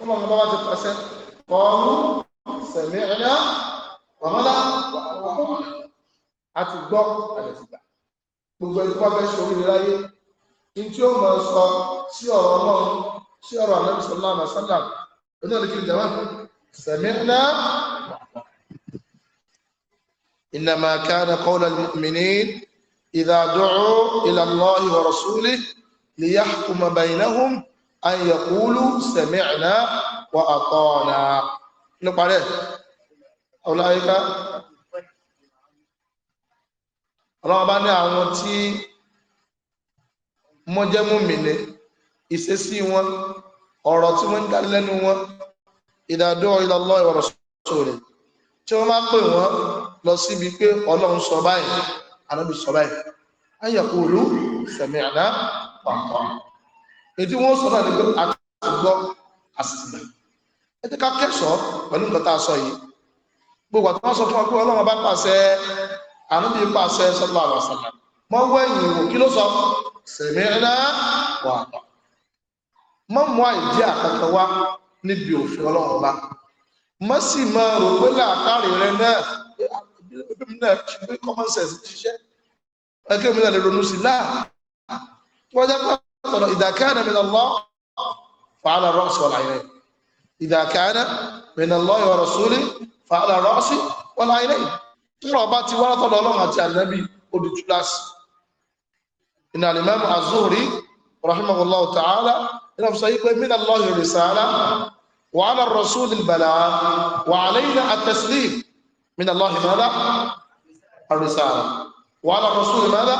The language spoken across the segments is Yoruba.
ومن بعض الأسد قالوا سمعنا وهنا وحرقنا حتى الضوء على الزباع بزوجي قوة الشعور الله إن ما نصر سيارة الله سيارة النبي صلى الله عليه وسلم سمعنا إنما كان قول المؤمنين إذا دعوا إلى الله ورسوله ليحكم بينهم an yaqulu sami'na wa ata'na nípa rẹ̀ ọláyíká ọlọ́wọ́ bá ní àwọn tí wọ́n jẹ́ múmìnì ìṣesí wọn ọ̀rọ̀ tí wọ́n ń dá lẹ́nu wọn ìdádó ilallahi wa rasulihi tí wọ́n máa pè wọ́n lọ síbi pé ọlọ́run sọ báyìí anábì sọ báyìí an yaqulu sami'na wa ata'na ètí wọ́n sọ náà ní pé àtúgbọ́ àsìgbà ẹ ti ká kẹsọ̀ pẹ̀lú nǹkan tá a sọ yìí gbogbo àti wọ́n sọ fún ọ pé ọlọ́run bá pàṣẹ ànúbí pàṣẹ sọ́lá àwàsàlà mọ́ wọ́ ẹ̀yìn wò kí ló sọ sẹ̀mí ẹ̀dá wà á mọ́ mú àìdí àkọ́kọ́ wá níbi òfin ọlọ́run ọba mọ́ sì máa rò pé rẹ náà ẹgbẹ́ mi náà kí pé common sense ti ṣiṣẹ́ ẹgbẹ́ mi náà lè ronú sí láà wọ́n jẹ́ pé sọ̀rọ̀ ìdàkánà min Allah fa'ala ra'si wal 'aynayn ìdàkánà min Allah wa rasuli fa'ala ra'si wal 'aynayn tọ́rọ̀ bá ti wára tọ́lọ ọlọ́run àti ànábì odi túláàsì ìnà al-imam az-Zuhri rahimahullahu ta'ala ìnà fún sọ́yí pé min Allah risala wa 'ala ar-rasuli al-balagh wa 'alayna at-taslim min Allah mada الرسالة وعلى الرسول ماذا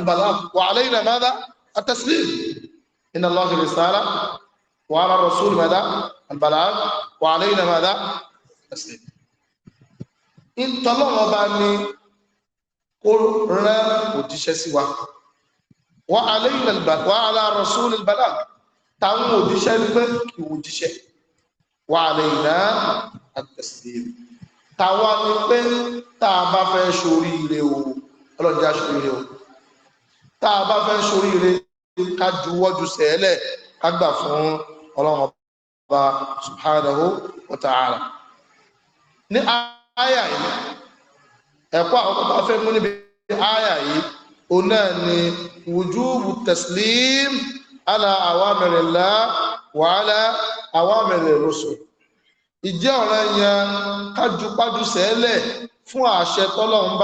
البلاغ وعلينا ماذا التسليم إن الله في الرسالة وعلى الرسول ماذا البلاغ وعلينا ماذا التسليم إن طلب بني قل رنا وتشي سوا وعلينا البلاغ وعلى الرسول البلاغ تام وتشي البلاغ وتشي وعلينا التسليم tàwa ni pé tá شوري bá fẹ́ ṣoríire o ọlọ́jà ṣoríire o tá a bá fẹ́ ṣoríire ká juwọ́ ju sẹ́ẹ̀lẹ̀ ká gbà fún ọlọ́run ọba subhanahu wa ta'ala ní àyà yìí ẹ̀kọ́ àwọn ọba fẹ́ mú níbi àyà yìí òun náà ni wujubu taslim ala awamirila wa ala awamiril ìjẹ́ yẹn fún àṣẹ tọ́lọ́run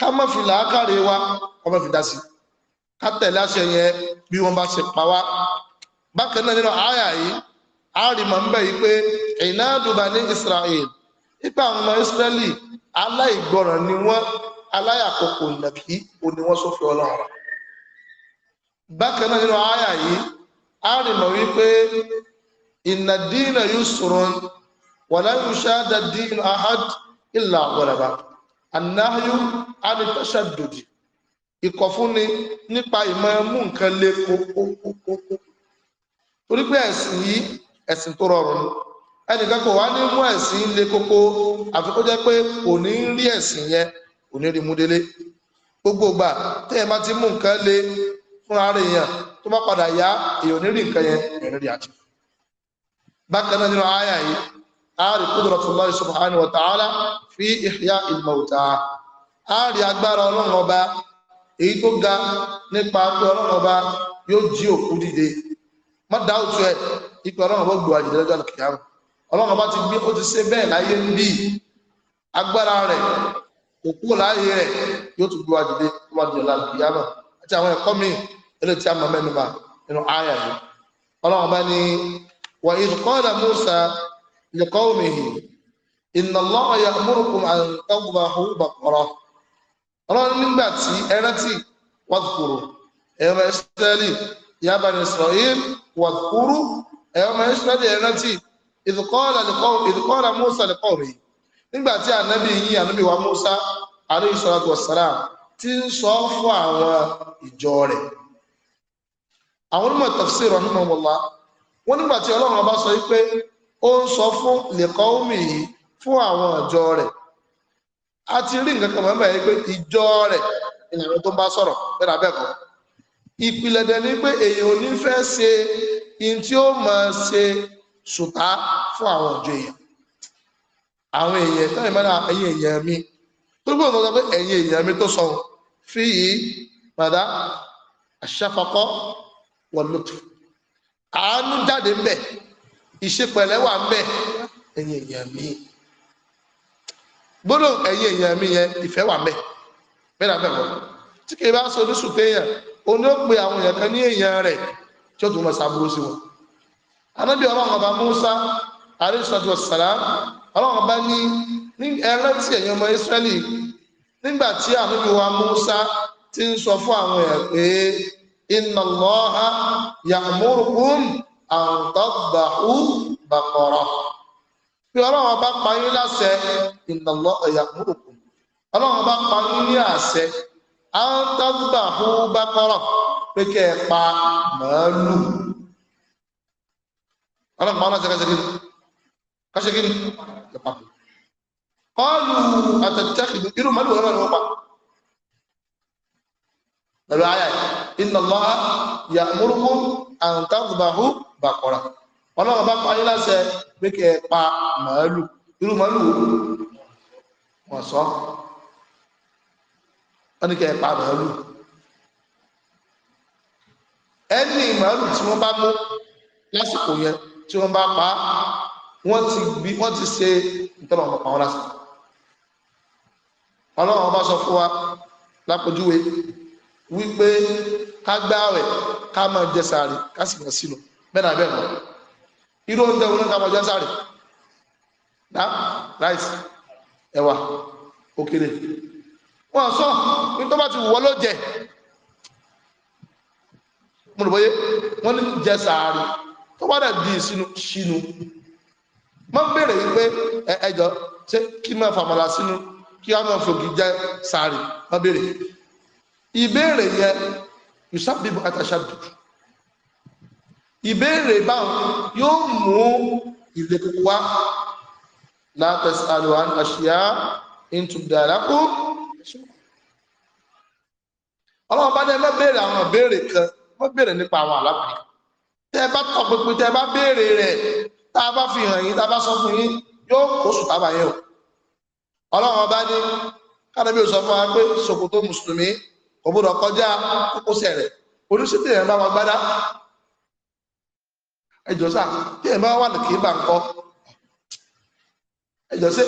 ká má fi làákàrè wa ọmọ fi dá sí ká tẹ̀lé àṣẹ yẹn bí wọ́n bá ṣe pa wá bákan náà nínú àyà yìí a ń bẹ̀ yìí pé inadu bani Israel ipa àwọn ọmọ Israeli aláìgbọràn ni wọ́n aláyàkókò ìnàkí òní wọ́n sófin ọlọ́run bákan náà nínú àyà yìí a rí mọ̀ wípé inna dina yusrun wala yushada dinu ahad illa ghalaba anáhíú anitọ́ṣàdòdì ìkọ̀fúnni nípa ìmọ̀ mú nǹkan le kókókókó torí pé ẹ̀sìn yìí ẹ̀sìn tó rọrùn ni ẹnìkan kò wá ní mú ẹ̀sìn le kókó àfi kó jẹ́ pé kò ní rí ẹ̀sìn yẹn kò ní rí bá ti mú nǹkan le fúnra rẹ̀ yẹn tó bá padà yá èèyàn ní rí nǹkan yẹn èèyàn ní rí àjẹ bákan náà nínú àárí qudratullahi subhanahu wa ta'ala fi ihya'il mauta àárí agbára ọlọ́run ọba èyí tó ga nípa pé ọlọ́run ọba yóò jí òkú dìde má dáwùtú ẹ̀ ipò ọlọ́run ọba gbòwà jìdẹ́ lọ́jọ́ àlùkìyàmù ọlọ́run ọba ti gbé ó ti ṣe bẹ́ẹ̀ láyé ń bí agbára rẹ̀ òkú láàyè rẹ̀ yóò tún gbòwà jìdẹ́ lọ́wọ́ jìdẹ́ àti àwọn ẹ̀kọ́ míì eléyìí tí a mọ̀ mẹ́nu bà nínú àyà yìí ni wà ìdùkọ́ لقومه إن الله يأمركم أن تذبحوا بقرة ọlọ́run nígbà tí ẹrántí wàkúrú ẹ̀rọ ìsírẹ́lì yaba ní israel wàkúrú ẹ̀rọ ìsírẹ́lì ẹrántí ìdíkọ́ọ̀lá musa lẹ́kọ̀ọ́ rẹ̀ nígbà tí ànábì yìí ànábì wa musa alayhi salatu wassalam ti ń sọ fún àwọn ìjọ rẹ̀ àwọn onímọ̀ tafsir ọ̀nà mọ̀wọ́lá wọn nígbà tí ọlọ́run ọba sọ wípé ó ń sọ fún nìkan omi yìí fún àwọn ìjọ rẹ̀ a ti rí nǹkan kan mọ́mọ́ yìí pé ìjọ rẹ̀ ìlànà tó bá sọ̀rọ̀ bẹ́ẹ̀ bẹ́ẹ̀ kọ́ ìpìlẹ̀ dẹ̀ ni pé èèyàn ò ní fẹ́ ṣe in tí ó máa ṣe ṣùtá fún àwọn ìjọ èèyàn àwọn èèyàn tó yẹ mọ́ra ẹ̀yìn èèyàn mi tó gbọ́dọ̀ sọ pé ẹ̀yìn èèyàn mi tó sọ fi yìí padà àṣàfakọ́ wọ̀lùtù àánú jáde ń bẹ̀ ìṣepẹ̀lẹ́ wà ń bẹ ẹ̀yin èèyàn mi gbọ́dọ̀ ẹ̀yin èèyàn mi yẹn ìfẹ́ wà ń bẹ bẹ́ẹ̀ náà bẹ́ẹ̀ wọ́n tí kì í bá sọ oníṣùn téèyàn o ní ó pe àwọn èèyàn kan ní èèyàn rẹ̀ tí ó tún mọ̀ sábúrú sí wọn anábì ọlọ́run ọba Musa alayhisalatu wassalam ọlọ́run ọba ní ẹran tí ẹ̀yin ọmọ Israẹli nígbà tí ànábì wa Musa ti ń sọ fún àwọn èèyàn pé inna Allaha Antabahu bàkọ̀rọ̀ bí ọlọ́run bá pa yín láṣẹ ìnàlọ́ ẹ̀yàmúrùkù ọlọ́run bá pa yín ní àṣẹ àǹtọ́gbàhú bàkọ̀rọ̀ pé kẹ́ ẹ pa màálù ọlọ́run pa ọlọ́run ṣẹkẹ́ṣẹkẹ́ kẹ́ṣẹkẹ́ ni ìpapò kọ́ọ̀lù àtẹ̀tẹ̀kìdù irú màálù ọlọ́run ló pa pẹ̀lú ayà ìnàlọ́ ya'murukum an tadhbahu bàkọ́ra ọlọ́run bá pa yín láṣẹ pé kẹ́ ẹ pa màálù irú màálù wọ́n sọ wọ́n ní kẹ́ ẹ pa màálù ẹni màálù tí wọ́n bá mú lásìkò yẹn tí wọ́n bá pa wọ́n ti bí wọ́n ti ṣe ìtọ́nà ọ̀pọ̀ àwọn lásìkò ọlọ́run ọba sọ fún wa lápòjúwe wípé ká gbá rẹ̀ ká máa jẹ sàárì ká sì mọ̀ sínú bẹ́ẹ̀ náà bẹ́ẹ̀ mọ́ irú oúnjẹ wo ló ń ta ọjọ́ sáré dá ráìsì ẹ̀wà òkèlè wọ́n sọ ní tó bá ti wọ́ ló jẹ mo rò bóyé wọ́n ní jẹ sàárì tó bá dẹ̀ di sínú sínú wọ́n béèrè yìí pé ẹjọ́ ṣé kí máa fàmàlà sínú kí wọ́n máa fògì jẹ sàárì wọ́n béèrè ìbéèrè yẹ yusabibu atashabibu ìbéèrè báwọn yóò mú ilé kúkú wá látàs àlùhàn àṣìyá ìtùdàrákú ọlọ́run bá ní ẹgbẹ́ béèrè àwọn ìbéèrè kan wọ́n béèrè nípa àwọn àlápàá tẹ́ bá tọ̀ pínpín tẹ́ bá béèrè rẹ̀ tá a bá fi hàn yín tá a bá sọ fún yín yóò kó tábà yẹn o ọlọ́run bá ní kádàbí òsọ fún wa pé ṣòkòtò mùsùlùmí kò gbọdọ̀ kọjá kókósẹ̀ rẹ̀ oníṣètò ìrìnàmọ́ gbádá ẹjọ́ sá tí èèyàn bá wà ní kì í bà ń kọ́ ẹjọ́ sí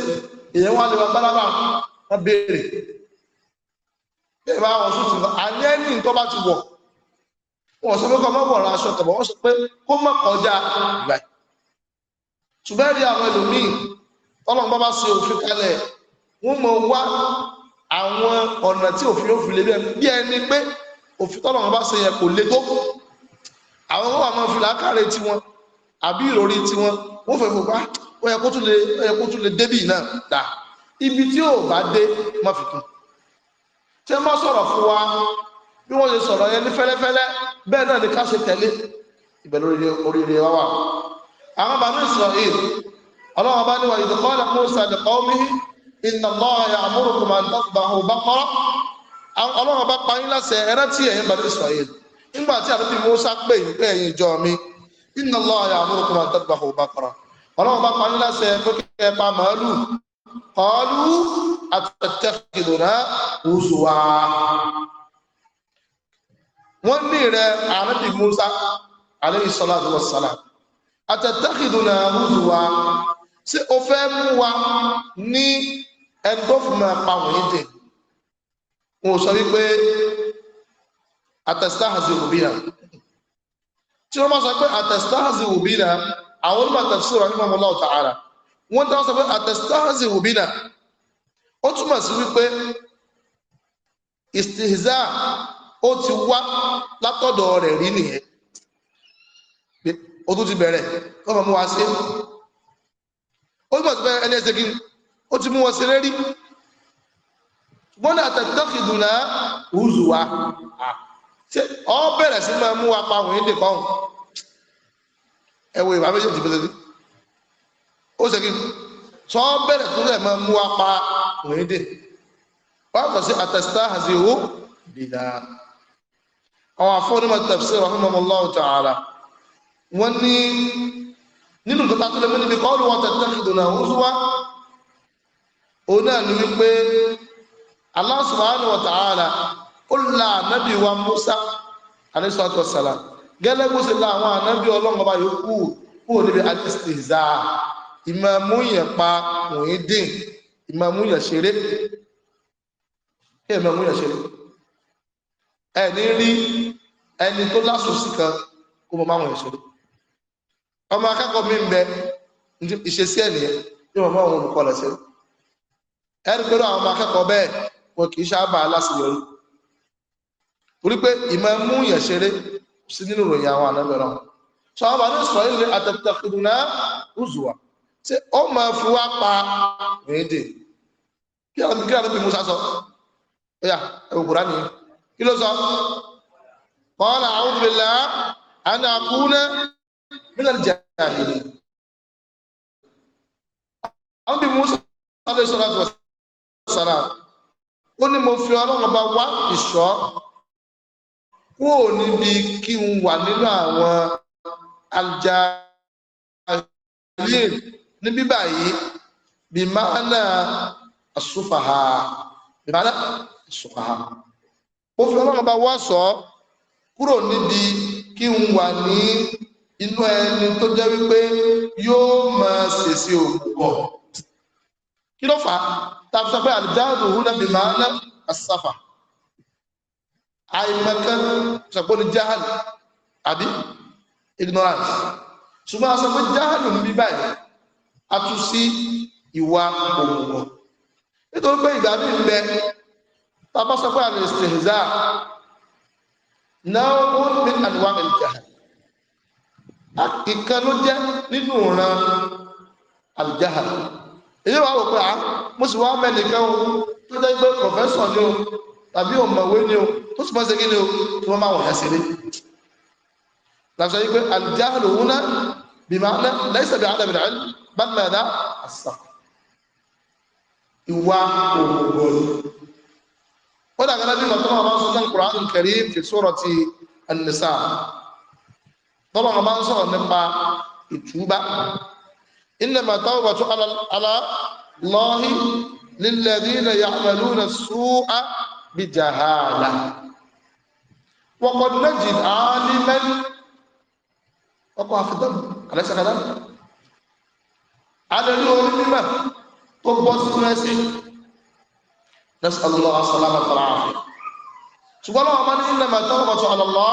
èèyàn wà lè wà gbálábà wọn béèrè bí èèyàn bá wọ sùtù àní ẹni nǹkan bá ti wọ̀ wọn sọ pé kọ́ mọ́ wọ̀rọ̀ aṣọ tọ̀bọ̀ wọ́n sọ pé kó mọ̀ kọjá ìgbà ṣùgbọ́n rí àwọn ẹlòmíì tọ́lọ̀ bá bá ṣe òfin kalẹ̀ wọ́n mọ̀ wá àwọn ọ̀nà tí òfin yóò fi lè bí ẹni pé òfin tọ́lọ̀ bá ṣe yẹn kò le tó àwọn wọ́n wà máa fi làákàrẹ tí wọn àbí ìròrí tí wọn wọ́n fẹ́ fòpá ó yẹ kó tún lè ó yẹ kó tún lè débì náà dà ibi tí ò bá dé má fi kún tí wọ́n bá sọ̀rọ̀ fún wa bí wọ́n ṣe sọ̀rọ̀ yẹn ní fẹ́lẹ́fẹ́lẹ́ bẹ́ẹ̀ náà ni ká ṣe tẹ̀lé ibẹ̀ oríire wa wà àwọn bàbá Israel ọlọ́wọ́ bá ní wa idh qala Musa li qawmihi inna Allaha ya'murukum an tadhbahu baqara ọlọ́wọ́ bá pa yín láṣẹ ẹ̀rẹ́ tí ẹ̀yin bàbá Israel nígbà tí àdébí Musa pè yín pé ẹ̀yin ìjọ mi inna Allaha ya'murukum an tadhbahu baqara ọlọ́run bá pa yín láṣẹ pé kẹ́ ẹ pa màálù qalu atattakhiduna huzwa wọ́n ní rẹ̀ àdébí Musa alayhi salatu wassalam atattakhiduna huzwa ṣé o fẹ́ mú wa ní ẹgbẹ́ fún mi pa wọ́n yín dè wọ́n sọ wípé àtẹ̀sítáhàzì òbíra tí wọ́n máa sọ pé àtẹ̀sítáhàzì òbíra àwọn onímọ̀ àtẹ̀sí rẹ̀ nígbà mọ́lá ọ̀tà ara wọ́n dáwọ́ sọ pé àtẹ̀sítáhàzì òbíra ó túmọ̀ sí wípé ìstìhìzá ó ti wá látọ̀dọ̀ rẹ̀ rí nìyẹn ó tún ti bẹ̀rẹ̀ wọ́n máa mú wa sí ó túmọ̀ sí pé ẹni ẹsẹ̀ kí ó ti mú wọn sí lérí wọ́n ní àtẹ̀tẹ́kìdùnà hùzùwà ṣé ọ bẹ̀rẹ̀ sí máa mú wa pa àwọn èdè pọ́ùn ẹ wo ìwà méjèèjì bẹ́ẹ̀ lórí ó ṣe kí sọ ọ bẹ̀rẹ̀ tó lẹ̀ máa mú wa pa àwọn èdè wọ́n kọ̀ sí àtẹ̀sítà àti owó bìlà àwọn afọ́nímọ̀ tafsir rahimahullahu ta'ala wọ́n ní nínú nǹkan tó lè níbi kọ́ọ̀lù wọn tẹ̀tẹ̀ ìdùnnà òṣùwà òun náà ní wípé Allah subhanahu wa ta'ala olùlà ànábì wa Musa alayisalaatu wasalaam gẹ́lẹ́ bó la àwọn ànábì ọlọ́ngọba yòókù kúrò níbi alistihza ìmọ̀ọ́mú yẹn pa Muhyiddin ìmọ̀ọ́mú yẹn ṣeré kí yẹn ṣeré ẹni rí ẹni tó kan kó mọ̀ máwọn yẹn ṣeré ọmọ akẹ́kọ̀ọ́ mi ń bẹ ìṣesí ẹ̀ nìyẹn olùkọ́ ẹni pẹ̀lú àwọn ọmọ akẹ́kọ̀ọ́ bẹ́ẹ̀ wọn kì í ṣáàbà torí pé ìmọ̀ mú yàn ṣeré sí nínú ìròyìn àwọn ànábẹ̀rẹ̀ sọ àwọn àbáni sọ ilé àtẹ̀tẹ̀kùnà rúzùwà tí ó máa fi wá pa méjì kí àwọn kí àwọn Musa sọ ẹ̀yà ẹ̀wọ̀n kúrá nìyí kí ló sọ qala a'udhu billahi an akuna min al-jahilin àwọn bí Musa sọ́dọ̀ sọ́dọ̀ sọ́dọ̀ ó ní mo fi ọlọ́run bá wá ìṣọ́ kúrò níbi kí n wà nínú àwọn aljahirin ní bíbà yìí bí máa náà asúfàá bí máa náà asúfàá ó fi ọlọ́run bá wá sọ kúrò níbi kí n wà ní inú ẹni tó jẹ́ wípé yóò máa ṣèṣe òkùnkọ̀ kí ló fà á tàbí sọ pé àlùjáàdù húnà bí máa náà asúfàá àìmọ̀kan sọ̀pọ̀ ní jahal àbí ignorance ṣùgbọ́n a sọ pé jahal ń bí báyìí a tún sí ìwà òmùgọ̀ nítorí pé ìgbà mí bẹ tàbá sọ pé àrùn ìsìnzá náà ó ń bí àdúrà ìjà ìkan ló jẹ́ nínú ìran àlùjáhà èyí wà wò pé à ah, mo sì wá mẹ́nìkan tó jẹ́ pé pòfẹ́sọ̀ ni ó tàbí ọ̀mọ̀wé ni o tó sì mọ́ sí kí ni o tó mọ́ máa wọ̀nyẹ́ sílé làbísọ̀ yìí pé àlùjáàlù òun náà bí máa lẹ́sẹ̀ bí àdàbí rẹ̀ bá mẹ́ ẹ̀dá àṣà ìwà òmùgọ̀ ni ó dàgbà lábí ìgbà tó máa bá ń sọ náà Qur'an fi surati an-Nisa tọ́lọ̀ máa ń sọ̀rọ̀ nípa ìtúbà innama tawbatu ala Allahi lilladhina ya'maluna as-su'a bí jahala wọ́kọ̀dún méjì àálí mẹ́lì ọkọ̀ àfidọ́mù alẹ́sàkàdámù adẹ́lú orí mímọ̀ tó bọ́ sí mẹ́sí nẹ́sàlọ́ asàlámà tàrà àfẹ́ ṣùgbọ́n lọ́wọ́ máa ní ilẹ̀ mẹ́tọ́kọ̀tọ̀ àlọ́lọ́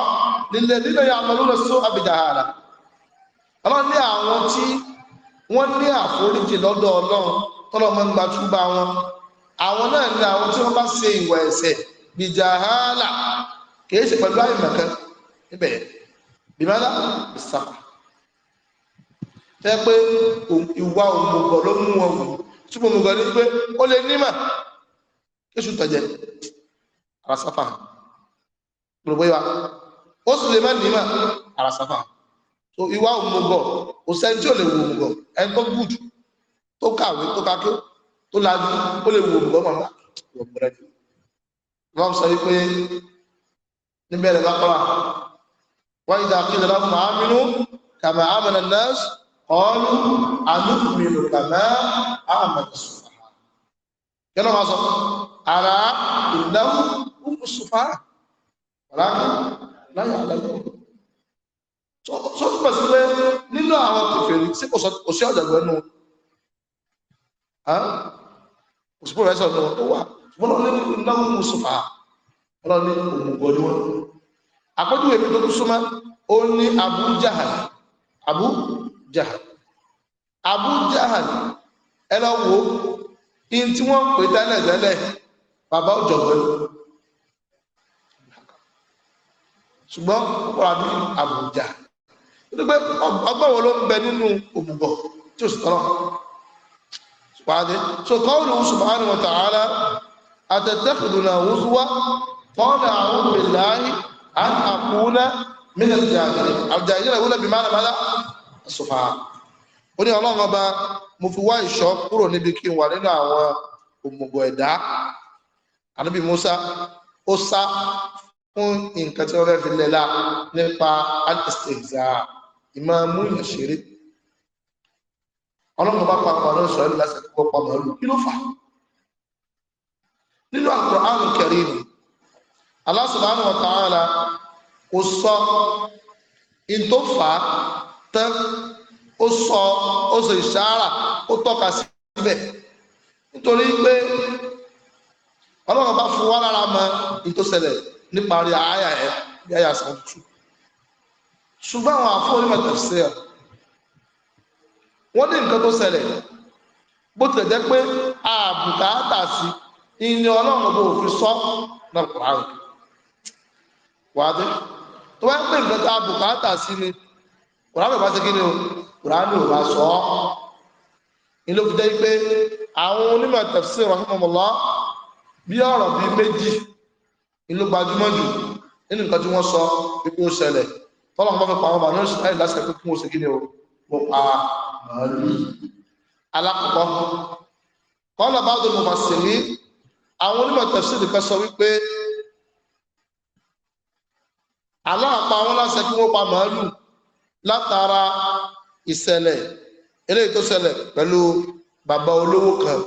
nílẹ̀ nílẹ̀ ya mọ̀lú rẹ̀ só àbìjàhálà ọlọ́run ní àwọn tí wọ́n ní àforíjì lọ́dọ̀ ọlọ́run tọ́lọ́ mọ́ ń gbatúgbà wọn àwọn náà ni àwọn tí wọ́n bá ṣe ìwà ẹ̀ṣẹ̀ bìjàhálà kìí ṣe pẹ̀lú àìmọ̀kan níbẹ̀ bìmọ́lá ìsàpà tẹ́ pé ìwà òmùgọ̀ ló mú wọn wù túbọ̀ òmùgọ̀ ní pé ó lè nímà kéṣù tọ̀jẹ̀ ara sáfà gbogbo ìwà ó sì lè má nímà ara sáfà ìwà òmùgọ̀ òsẹ́ni tí ò lè wù òmùgọ̀ ẹni tó gùdù tó kàwé tó kakẹ́ tó lajú ó lè wò lùgbọ́n màmá wọ̀ bẹ̀rẹ̀ jù wọ́n sọ wípé níbẹ̀rẹ̀ lápá wọ́n ìdá kí lọ́la fún àmínú kàmà àmàlà nọ́ọ̀sì ọ̀ọ́lù ànúkùnmínú kàmà àmàlà sùfà yọ́nà máa sọ ara ìdáhùn kúkú sùfà ọ̀làkà láyé àdájọ́ sọ túnbọ̀ sí pé nínú àwọn kèfèrí sí kò sí ọ̀jọ̀gbọ́n nù òṣùpọ̀ rẹ̀ sọ̀rọ̀ lọ́wọ́ tó wà wọ́n lọ́wọ́ ní ìdáhùn mùsùfà wọ́n ní òmùgọ̀ ni wọ́n àpọ́jú èmi tó tún súnmọ́ ó ní Abu Jahal Abu Jahal Abu Jahal ẹ lọ wo in tí wọ́n pè tẹ́lẹ̀ tẹ́lẹ̀ bàbá ọ̀jọ̀gbọ́n ṣùgbọ́n ọ̀rọ̀ àbí Abu Jahal nítorí pé ọgbọ́n wo ló ń bẹ nínú òmùgọ̀ tí ó sì tọ́lọ́ واضح so قوله سبحانه وتعالى أتتخذنا هزوا قال أعوذ بالله أن أكون من الجاهلين الجاهلين يقول بمعنى ماذا السفهاء ó ní ọlọ́run ọba mo fi wá ìṣọ́ kúrò níbi kí n wà nínú àwọn òmùgọ̀ ẹ̀dá ànábì Musa ó sá fún nǹkan tí wọ́n fẹ́ fi lẹ́la nípa alisteza ìmọ̀ amúyàn ṣeré ọlọ́run bá pa àwọn ọ̀sọ̀ ẹ̀lú lásẹ̀ tó pa màálù kí ló fà nínú Al-Qur'an Karim Allah subhanahu wa ta'ala kò sọ in tó fà á tán ó sọ ó sọ ìṣáárà ó tọ́ka síbẹ̀ nítorí pé ọlọ́run bá fún wa lára mọ in nípa rí àyà ẹ̀ bí àyà sàn tù ṣùgbọ́n àwọn àfọwọ́nímọ̀ tẹ̀síẹ̀ wọ́n ní nǹkan tó ṣẹlẹ̀ bó tilẹ̀ jẹ́ pé àbùkátà sí ọlọ́run fi sọ náà kò ráhùn tó bá ń nǹkan tó sí ni kò bá ṣe kí ni o kò bá sọ ọ́ ní ló fi pé àwọn onímọ̀ bí ọ̀rọ̀ méjì gbajúmọ̀ jù nínú nǹkan tí wọ́n sọ ó ṣẹlẹ̀ lásìkò kí wọ́n ṣe kí ni o mo pa màálù alákọ̀ọ́ kọ́lá bá dùn mọ̀fà sí ní àwọn onímọ̀ tẹ̀síìdì kan sọ wípé aláàpá wọn láṣẹ kí wọ́n pa màálù látara ìṣẹ̀lẹ̀ eléyìí tó ṣẹlẹ̀ pẹ̀lú bàbá olówó kan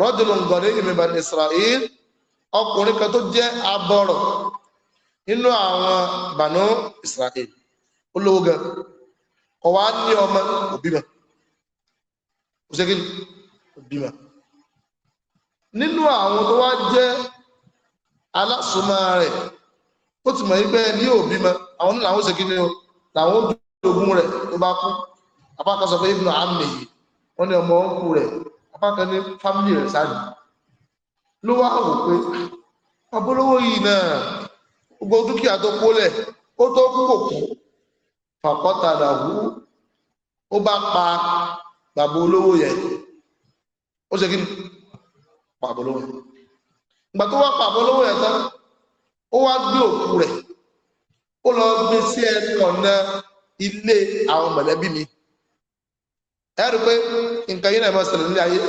rọ́dùnú ngọ̀rẹ́ ìmìbà Israel ọkùnrin kan tó jẹ́ abọ̀rọ̀ nínú àwọn bànú Israel olówó gan ọwá ní ọmọ òbímọ òṣèkìlì òbímọ nínú àwọn tó wá jẹ́ alásùnmọ́ rẹ̀ ó ti mọ̀ wípé ní òbímọ àwọn nílò àwọn òṣèkìlì o làwọn ògùn rẹ̀ tó bá kú apákan sọ pé ibùdó àmì yìí wọ́n ní ọmọ òkú rẹ̀ apákan ní fámìlì rẹ̀ sáàdì ló wá wò pé ah, abólówó yìí náà gbogbo dúkìá tó kólẹ̀ ó tó kú kò kú fàkọ́tàdà hú ó bá pa bàbá olówó yẹn ó ṣe kí ni pàbó olówó yẹn ìgbà tó wá pàbó olówó yẹn tán ó wá gbé òkú rẹ̀ ó lọ gbé sí ẹnu ọ̀nà ilé àwọn mọ̀lẹ́bí mi ẹ rí pé nǹkan yìí náà máa ṣẹlẹ̀ nílé ayé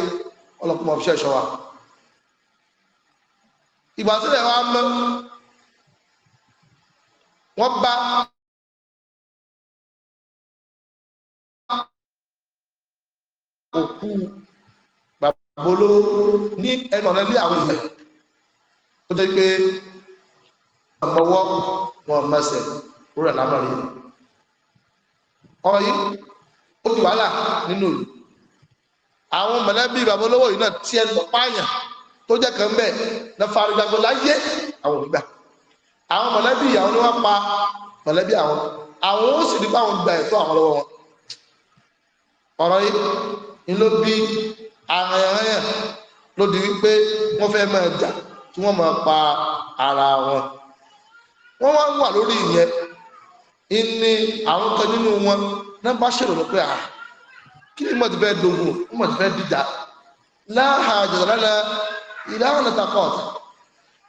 ọlọ́pàá ọ̀fíṣẹ́ ìṣọ́ wa ìgbà sílẹ̀ wa mọ́ wọ́n bá òkú bàbá olówó ní ẹnu ọ̀nà ilé àwọn èèyàn tó dé pé ọmọwọ́ wọn mẹsẹ̀ rúra lábàárí ọ̀rọ̀ yìí ó fi wàhálà nínú ìlú àwọn mọ̀lẹ́bí bàbá olówó yìí náà tiẹ̀ lọ pààyàn tó jẹ́ kan bẹ́ẹ̀ na farigbagbo láyé àwọn ònígbà àwọn mọ̀lẹ́bí àwọn ni wọ́n pa mọ̀lẹ́bí àwọn àwọn ó sì ní báwọn gba ẹ̀tọ́ àwọn lọ́wọ́ wọn ọ̀rọ̀ yìí ni ló bí àràyàn ló di wípé wọ́n fẹ́ máa jà tí wọ́n máa pa ara wọn wọ́n wá wà lórí ìyẹn ìní àwọn kan nínú wọn náà bá ṣèrò lọ pé à kí ni mo ti fẹ́ dogun mo ti fẹ́ dìjà láhà jàdàlá ìlànà takọ̀ọ̀tà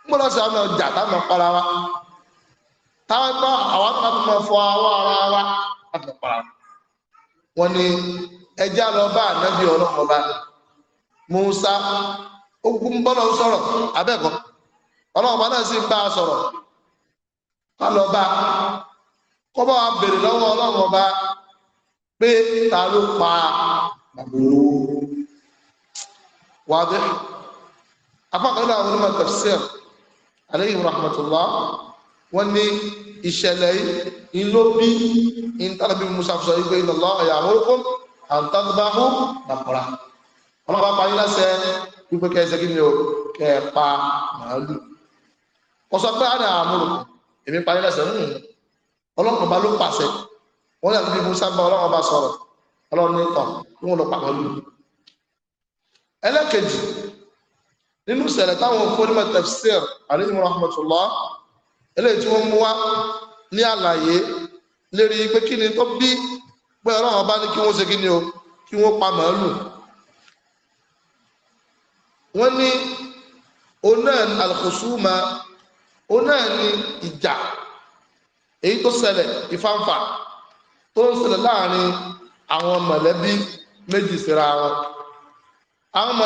mo lọ sí àwọn ọjà táwọn para wa táwọn bá àwọn kan tó máa fọ àwọn ara wa láti para wọn ni ẹjá lọ bá ànábì ọlọ́run ọba Musa ogun bọ́lọ̀ sọ̀rọ̀ abẹ́kọ̀ ọlọ́run ọba náà sì bá a sọ̀rọ̀ ká lọ bá kọ́bọ̀ wa bèrè lọ́wọ́ ọlọ́run ọba pé ta ló pa bàbá olówó wàdé apákan náà wọn máa tafsir aleyhi rahmatullah wọn ní ìṣẹ̀lẹ̀ yìí ló bí ìntàlẹ́bí Musa sọ yìí pé inna Allah ya'murukum àǹtàdùbáhù bàkọ̀rà ọlọ́pàá parí lásẹ̀ wípé kẹsẹ̀ kí ni o kẹpa màálù wọ́n sọ pé àná àmúrò èmi parí lásẹ̀ ń ọlọ́pàá bá ló pàṣẹ wọ́n yà bí musa bá ọlọ́pàá bá sọ̀rọ̀ ọlọ́run ní tọ̀ ń wọ́n lọ pa màálù ẹlẹ́kejì nínú ìṣẹ̀lẹ̀ táwọn onímọ̀ tafsir alayhim rahmatullah eléyìí tí wọ́n mú wá ní àlàyé lérí pé kí ni tó bí pé ọlọ́run ọba ní kí wọ́n ṣe kí ni o kí wọ́n pa màálù wọ́n ní oná alkhusuma oná ní ìjà èyí tó ṣẹlẹ̀ ìfáǹfà tó ń ṣẹlẹ̀ láàrin àwọn mọ̀lẹ́bí méjì síra wọn àwọn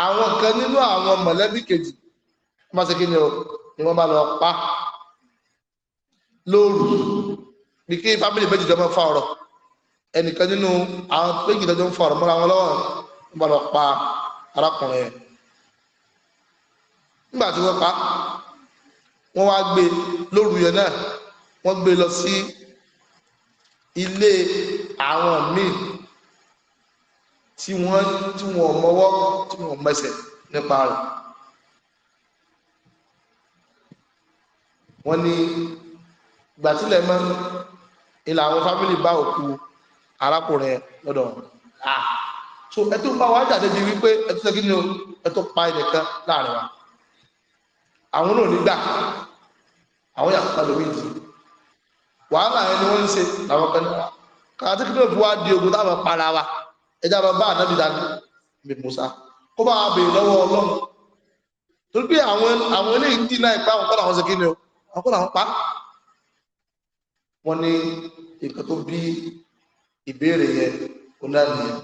àwọn kan nínú àwọn mọ̀lẹ́bí kejì wọ́n ṣe kí ni o ni wọ́n bá lọ pa lóru bí kí fámìlì méjì jọ mọ́ fa ọ̀rọ̀ ẹnìkan nínú àwọn méjì jọ ń fa ọ̀rọ̀ mọ́ra wọn lọ́wọ́ wọ́n bá lọ pa arákùnrin yẹn nígbà tí wọ́n pa wọ́n wá gbé lóru yẹn náà wọ́n gbé lọ sí ilé àwọn míì tí wọ́n tí wọ́n mọ́wọ́ tí wọ́n mẹsẹ̀ nípa rẹ̀ wọ́n ní gbàtílẹ̀ mọ́ ilà àwọn fámìlì bá òkú arákùnrin lọ́dọ̀ à so ẹ tó bá wa jáde di wípé ẹ tó ṣe kí ni o ẹ tó pa ẹnìkan láàrin wa àwọn náà nígbà àwọn yàtọ̀ padà wí di wàhálà ẹni wọ́n ń ṣe làwọn kan náà kàtàkì náà fi wá di ogun táwọn para wa ẹjá lọ bá ànábì dání bí Musa kó bá bèèrè lọ́wọ́ Ọlọ́run torí pé àwọn àwọn eléyìí ń dínà ìpá àwọn kọ́lá àwọn ṣe kí ni o àwọn kọ́lá àwọn pa wọ́n ní nǹkan tó bí ìbéèrè yẹn ó náà nìyẹn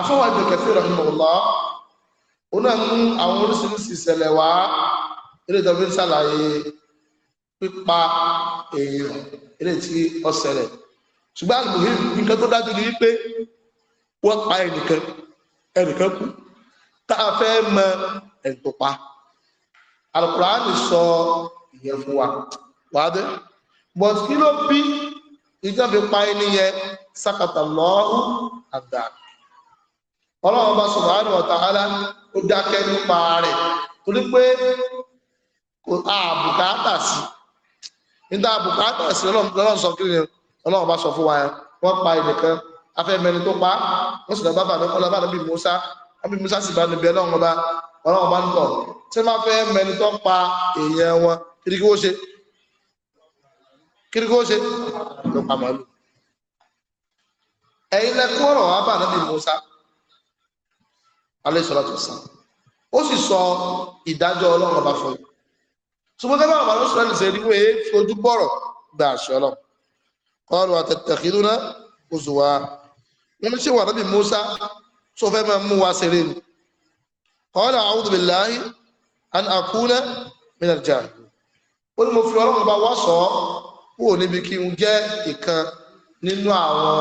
afọwọ́ Ibn Kathir rahimahullah ó náà mú àwọn oríṣiríṣi ìṣẹ̀lẹ̀ wá ilé ìjọba ń ṣàlàyé pípa èèyàn ilé tí ó ṣẹlẹ̀ ṣùgbọ́n àlùmọ́hí nǹkan tó dájú ni wípé wọ́n pa ẹnìkan ẹnìkan kú tá a fẹ́ mọ ẹni tó pa alukuraani sọ ìyẹn fún wa wàá dé but kí ló bí ìjọ fi pa ẹni yẹn sákàtà lọ́ọ́hù àgbà ọlọ́run bá subhanahu wa ta'ala ó dákẹ́ nípa rẹ̀ torí pé kò àbùkátà sí níta àbùkátà sí ọlọ́run sọ kí ni o ọlọ́run bá sọ fún wa wọ́n pa ẹnìkan afẹ́mẹ́ni tó pa wọ́n sì lọ bá bàbá ọlọ́ba níbi musa níbi musa sì bá níbi ọlọ́run bá ọlọ́run bá ń tọ̀ tí wọ́n fẹ́ mẹ́ni tó pa èèyàn wọn kiri kí wọ́n ṣe kiri ṣe ló pa màálù ẹ̀yin lẹ́kọ́ ọ̀rọ̀ wa bá níbi musa alayhi salatu wassalam ó sì sọ ìdájọ́ ọlọ́run bá fún yìí ṣùgbọ́n tẹ́lẹ̀ àwọn ọmọ ìṣòro ṣe rí qalu atattakhiduna uzwa wọ́n ní ṣé wà nábì Musa tó fẹ́ máa mú wa ṣeré ni qala a'udhu billahi an akuna min al-jahilin ó ní mo fi ọlọ́run bá wá sọ ọ́ kúrò níbi kí n jẹ́ ìkan nínú àwọn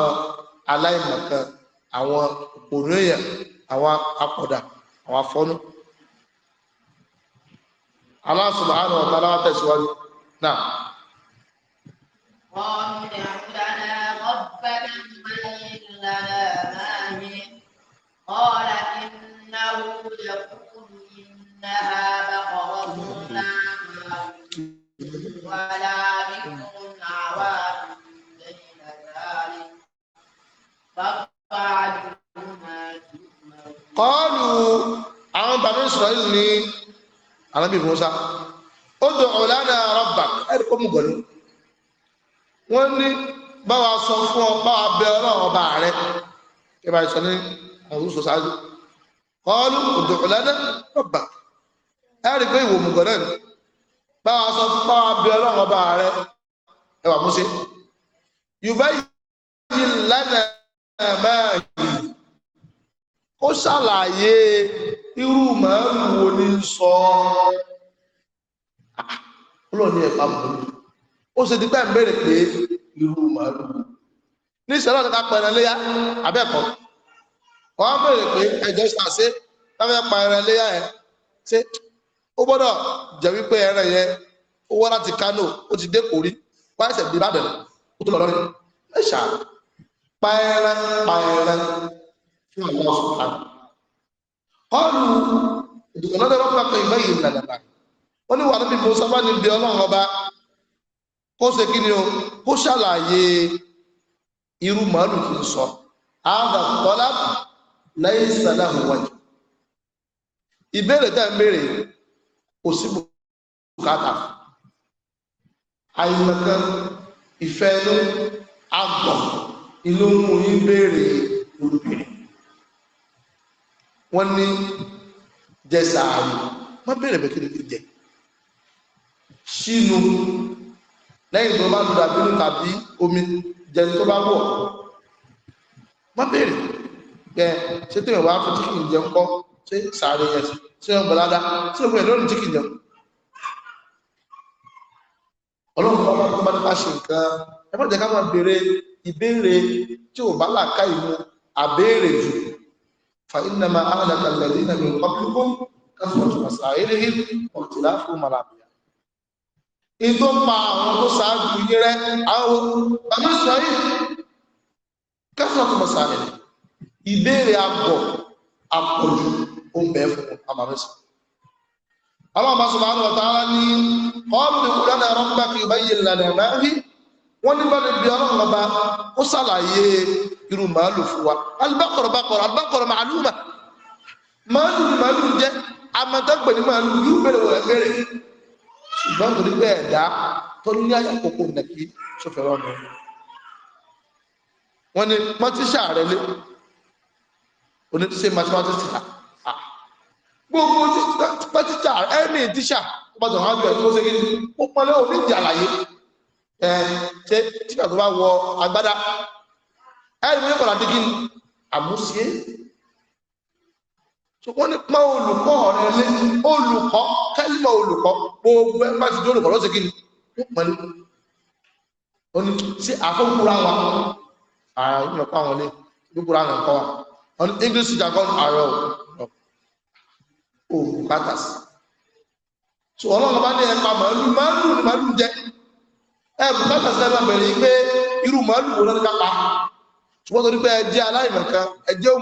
aláìmọ̀kan àwọn òpònú àwọn apọ̀dà àwọn afọ́nú Allah subhanahu wa ta'ala tẹ̀síwájú náà قالوا ادع لنا ربك يبين لنا ما هي قال إنه يقول إنها بقرة لا ولا بكر عوام بين ذلك فقعدوا قالوا àwọn bàbá Israẹli ní alábì Musa ó dùn ọ̀lànà wọ́n ní báwa sọ fún ọ báwa bẹ ọlọ́run ọba rẹ kí bá sọ ní àwọn oṣù ṣáájú kọ́ọ́lù òdòkòlẹ́dẹ́ rọ̀bà ẹ rí i pé ìwò mùgọ́dẹ́ ni báwa sọ fún báwa bẹ ọlọ́run ọba rẹ ẹ wà múṣe yorùbá yìí lẹ́nà mẹ́rin ó ṣàlàyé irú màálù wo ni ń sọ ah, ọ́ lọ́ọ̀ ní ẹ̀ka mọ̀ọ́lù ó ṣe dípẹ́ ń bèèrè pé irú màálù ní ìṣẹ́lẹ̀ ọ̀dọ́ta pẹ̀rẹ̀ léyà abẹ́ẹ̀kọ́ wọ́n bèèrè pé ẹjọ́ ṣàṣe láfẹ́ pẹ̀rẹ̀ léyà ẹ̀ ṣe ó gbọ́dọ̀ jẹ́ wípé ẹran yẹn ó wá láti Kánò ó ti dé kórí wọ́n ẹ̀sẹ̀ bí bàbẹ̀rẹ̀ ó tó lọ lọ́rẹ̀ ẹ̀ ṣà pẹ̀rẹ̀ pẹ̀rẹ̀ fún àwọn ọ̀sùn kan ọ̀rù ìdùkọ̀ lọ́dọ̀ kó ṣe kí ni o kó ṣàlàyé irú màálù tí ń sọ ààbà tọ́lá lẹ́yìn sàlá wájú ìbéèrè tẹ́ ń béèrè kò sí bùkátà àìmọ̀kan ìfẹ́ inú àgbọ̀n inú mú yín béèrè olùbèrè wọ́n ní jẹ sàárì wọ́n béèrè bẹ́ẹ̀ kí ni jẹ sínú lẹ́yìn tó bá lu dàbínú tàbí omi jẹ tó bá wọ̀ wọ́n béèrè pé ṣé tó yẹn wá fún chicken jẹ ńkọ́ ṣé sàárè yẹn ṣé wọn bọ̀ ládàá ṣé òun yẹn lórí chicken jẹ ọlọ́run kọ́ ọmọ tó bá nípa ṣe nǹkan ẹ má jẹ́ ká máa béèrè ìbéèrè tí ò bá làákà ìmú àbéèrè jù fa innama ahlaka alladhina min qablikum kafaratu masailihim wa ikhtilafuhum ala in tó pa àwọn tó sáájú yí rẹ àwọn bàbá ìsìláyé kẹsàn-án tó mọ̀sá rẹ̀ ìbéèrè àpọ̀ àpọ̀jù ó ń bẹ̀ẹ́ fún àmàmẹ́sì Allah subhanahu wa ta'ala ní qalu lana rabbaka yubayyin lana ma hi wọ́n ní bẹ́ẹ̀ bí ọlọ́run ọba ó ṣàlàyé irú màálù fún wa al-baqara baqara al-baqara màálù màálù jẹ́ amọ̀tẹ́gbẹ̀ ní màálù yóò bẹ̀rẹ̀ wọ̀ ṣùgbọ́n torí pé ẹ̀dá tó ní àyàkókò nàkí ṣòfẹ́ rọrùn wọn ni mọtíṣà rẹ lé oníṣẹ́ mathematics ta gbogbo mọtíṣà ẹni tíṣà tó bá tọ̀hún àgbẹ̀ tó ṣe kí ni ó pọ́nlé onídìí àlàyé ẹ ṣe tíṣà tó bá wọ agbádá ẹni mo ní kọ̀ọ̀dà dígí àmúṣe sọkọ́ ní pọ́n olùkọ́ rẹ lé olùkọ́ kẹ́lìmọ̀ olùkọ́ gbogbo ẹgbẹ́ ti dólùkọ́ lọ́sẹ̀ kí ni ó pẹ̀lú ó ní sí àfọ́kúra wa ààrẹ ìrìnàpá àwọn ilé ìdúkúra àwọn ẹ̀kọ́ wa wọn ní English jargon ààrẹ ò bùkátà sí so ọlọ́run bá ní ẹ̀ka màálù màálù màálù jẹ ẹ bùkátà sí ẹ̀ka bẹ̀rẹ̀ pé irú màálù wo lọ́dún ká pa ṣùgbọ́n torí pé ẹ jẹ́ aláìmọ̀kan ẹ jẹ́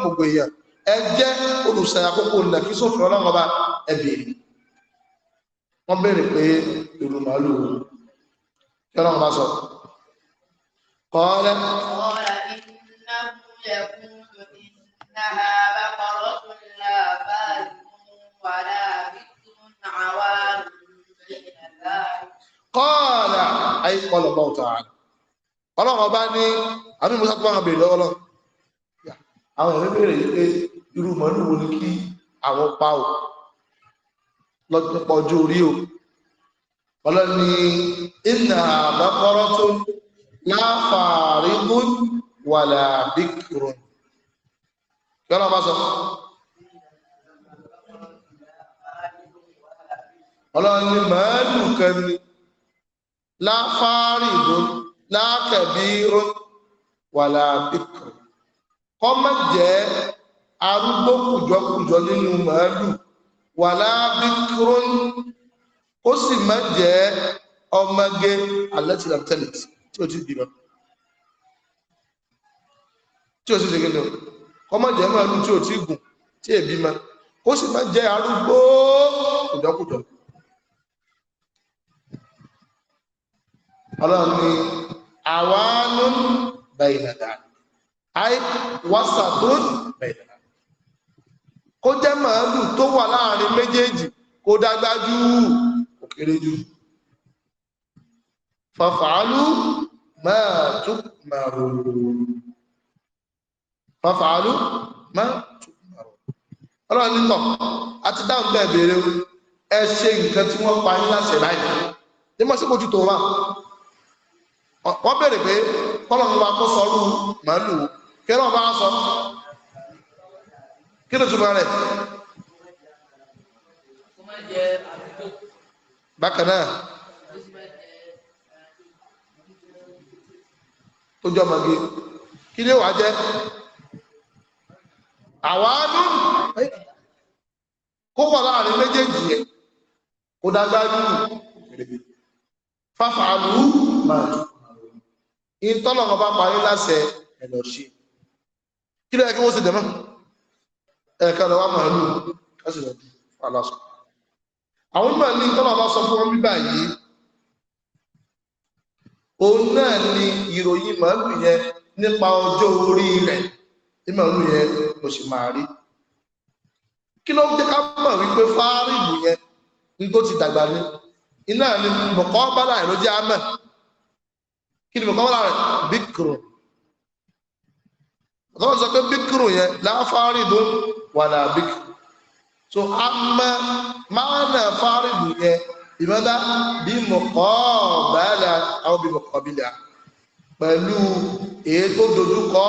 ẹ jẹ́ olùsàyàkókò ilẹ̀ kí sófin ọlọ́run ọba ẹ̀bì wọ́n bèèrè pé èrò màálù kí ọlọ́run bá sọ kọ́ọ́lẹ́ kọ́ọ̀lá ayé kọlọ̀bọ̀ tààrà ọlọ́run ọba ní àbí musa tó bá wọn bèèrè lọ́wọ́lọ́ àwọn ìwé yìí irú màálù wo ni kí àwọn pa ò lọ́pọ̀ ọjọ́ orí o ọlọ́ni iná àbákọ́rọ́ tó láfàárígún wà làbíkùrùn yọ́nà bá sọ ọlọ́ni màálù kan ni láfàárígún lákẹ̀bírún wà làbíkùrùn kọ́mọ̀ jẹ́ arúgbó kùjọkùjọ nínú màálù wàlá bíkúrún ó sì má jẹ́ ọmọge alẹ́tìlátẹ́lẹ̀t tí ó ti dìbọn tí ó sì ṣègbè lọ ọmọ jẹ́ màálù tí ó ti gùn tí èbí ma ó sì má jẹ́ arúgbó kùjọkùjọ ọlọ́run ni àwa ló ń àì wàsàtún bẹ̀yìn kó jẹ́ màálù tó wà láàrin méjèèjì kó dágbájú kò kéré jù fàfàálù máa tún màrò fàfàálù máa tún màrò ọlọ́run nítọ̀ àti dáhùn bẹ́ẹ̀ béèrè ẹ ṣe nǹkan tí wọ́n pa yín láṣẹ ní mọ̀ sí kò jù wà wọ́n béèrè pé kọ́lọ̀ ń wa kó sọ́rú màálù kí lọ́ọ̀ bá sọ kí ló túmọ̀ rẹ̀. bákan náà tó jọ màgé kí ló wà jẹ́ àwáánú kó wà láàrin méjèèjì yẹn kó dágbájú fáfàánú máa ìtọ́lọ̀ ọba parí láṣẹ ẹ̀lọ́ṣẹ́ kí ló yẹ kí wọ́n ṣe dẹ̀mọ́ ẹ̀ka lọ wá màálù kásì lọ dùn aláṣọ àwọn onímọ̀ ní tọ́lọ̀ bá sọ fún wọn bíbá yìí òun náà ni ìròyìn màálù yẹn nípa ọjọ́ orí rẹ̀ ní màálù yẹn mo sì máa rí kí ló ń jẹ́ ká mọ̀ wípé fáárìbù yẹn ní tó ti dàgbà ní iná ni mọ̀kọ́ bá láì ló kí ni mọ̀kọ́ bá láì bíkùrù ọ̀tọ́ sọ pé bíkùrù yẹn láfáárìbù wàlà bíkì so ama maana fárígù yẹ ìmọ̀dá bí mọ̀kọ́ bàálà àwọn bí mọ̀kọ́ bílà pẹ̀lú èyí tó dojúkọ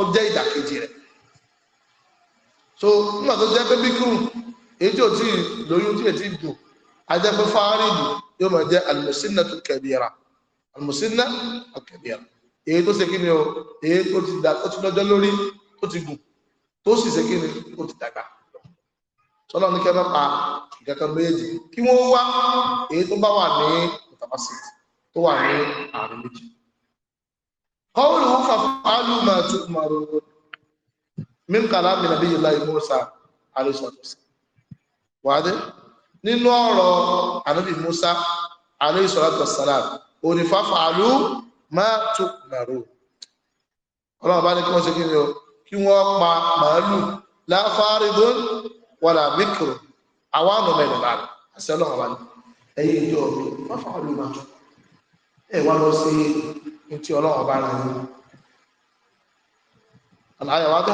ó jẹ́ ìdàkejì rẹ̀ so nígbà tó jẹ́ pé bíkùrù èyí tí ò tí lóyún tí ètí dùn ajẹ́pẹ́ fárígù yóò máa jẹ́ alùmọ̀sínà tó kẹ̀bíra alùmọ̀sínà tó kẹ̀bíra èyí tó ṣe kí ni o èyí tó ti lọ́jọ́ lórí tó ti gùn tó sì ṣe kí ni ó ti dàgbà sọ́nà ní kẹ́ mẹ́pa ìkankan méjì kí wọ́n wá èyí tó bá wà ní ìtàpásítì tó wà ní àárín méjì kọ́wùlù wọn fàfàálù máa tún mọ̀rọ̀ mímkàlá mi nàbí ìlà ìmúsà àlùsọ̀tọ̀sì wàdé nínú ọ̀rọ̀ ànábì Musa àlùsọ̀tọ̀sàlá òní máa tún mọ̀rọ̀ ọlọ́run bá ní kí wọ́n ṣe kí ni o kí wọ́n pa màálù láfárídún wàlà mikro àwọn àmọ́ mẹ́rin lára àṣẹ ọlọ́run wa ni ẹ̀yin ìjọ mi wọ́n fà wọ́n ló máa tó ẹ̀ wá lọ sí ní ti ọlọ́run bá rẹ̀ yín àlàyé wa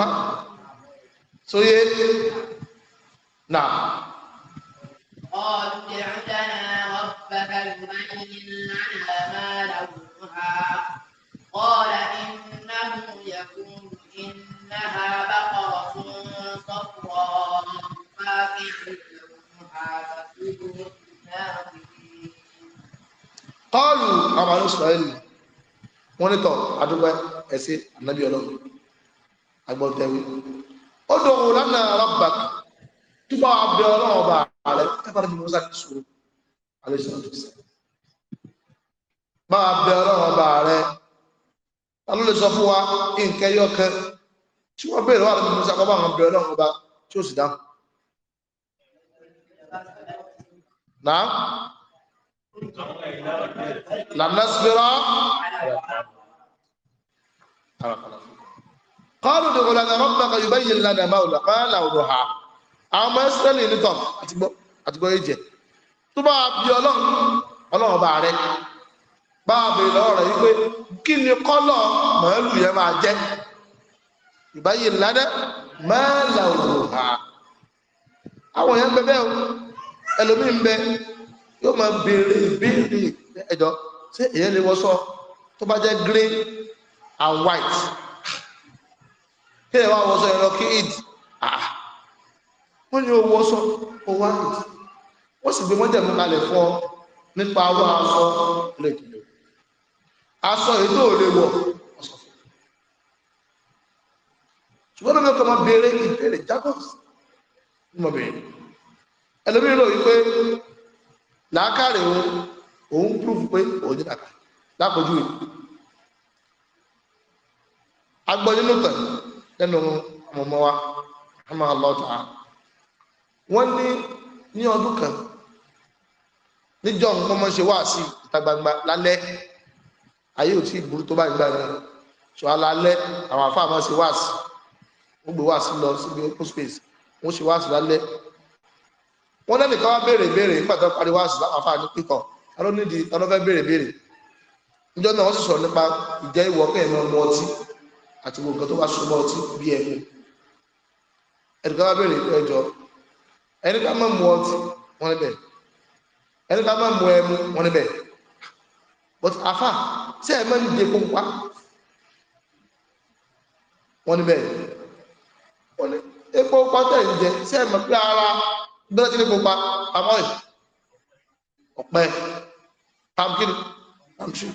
قال إنه يكون إن إنها بقرة صفراء فاقع لونها تسر الناظرين قالوا àwọn àlọ́ Ísírẹ́lì wọ́n ní tọ̀ adúgbò ẹ̀sìn ànábì ọlọ́run agbọ́ntẹ́wé ó dòwò lánàá rabbak túbọ̀ abẹ ọlọ́run ọba ààrẹ ẹ̀fọ́n ní musa kì í sòrò alẹ́ ìṣẹ́lẹ̀ tó sẹ́yìn bá abẹ ọlọ́run ọba ààrẹ alólùsọ fún wa nǹkan tí wọ́n bèèrè wà fún Musa kọ́ bá àwọn bẹ̀rẹ̀ ọlọ́run ọba tí ó sì dáhùn. Náà lànàsíbírà kọ́ọ̀lù ní ọ̀lànà rọ́bìnàkà yóò bá yìí lànà máa ọ̀là kan láwùrọ̀ ha àwọn ọmọ Ísírẹ́lì nítọ̀ àtìgbọ́ yìí jẹ tó bá bí ọlọ́run ọlọ́run bá rẹ bá bèèrè lọ́rọ̀ yìí pé kí ni kọ́lọ̀ màálù yẹn máa jẹ́ ìbáyé ńláná máa là òhà àwọn èèyàn bẹbẹ o ẹlòmíì ń bẹ yóò máa béèrè béèrè ẹjọ ṣé èèyàn lè wọṣọ tó bá jẹ green and white kí ẹ wá wọṣọ yẹn lọ kí id wọn ni ó wọṣọ ó wá id wọn sì gbé wọn jẹ mú kalẹ̀ fún ọ nípa wọn aṣọ lè dìbò aṣọ yìí tó lè wọ. ṣùgbọ́n náà kọ́ máa béèrè ìbéèrè jacobs ní mo béèrè ẹlòmíràn lò wípé làákàrẹ̀ o òun prúfù pé òun jẹ́ àgbà lápòjú rẹ̀ agbọ́nínú tàn lẹ́nu ọmọ wa ọmọ ọlọ́ta wọ́n ní ní ọdún kan níjọ́ nǹkan mọ́ ṣe wá sí ìta gbangba lálẹ́ ayé ò tí burú tó bá gbà náà ṣọ́ alálẹ́ àwọn àfáà ṣe wá sí i wọ́n gbé wá sí lọ síbi open space wọ́n ṣe wá sí lálẹ́ wọ́n lẹ́nìkan wá béèrè béèrè nígbà tó parí wá sí láwọn afáàní píkọ̀ aló nídìí aló fẹ́ béèrè béèrè níjọ́ náà wọ́n sì sọ̀rọ̀ nípa ìjẹ́ ìwọ kẹ́ẹ̀mọ́ ọmọ ọtí àti gbogbo nǹkan tó wá súnmọ́ ọtí bí ẹ̀mú ẹ̀dùn káwá béèrè pé ẹjọ́ ẹni ká má ọtí wọn níbẹ̀ ẹni ká má ẹmu wọn níbẹ̀ but àfà ṣé ẹ máa ń di epo pa wọn níbẹ̀ ọ̀nà epo pátẹ̀ ń jẹ sí ẹ̀mọ̀ pé ara bẹ́ẹ̀ kí ni pupa àmọ́ ẹ̀ ọ̀pẹ pamkini pamkini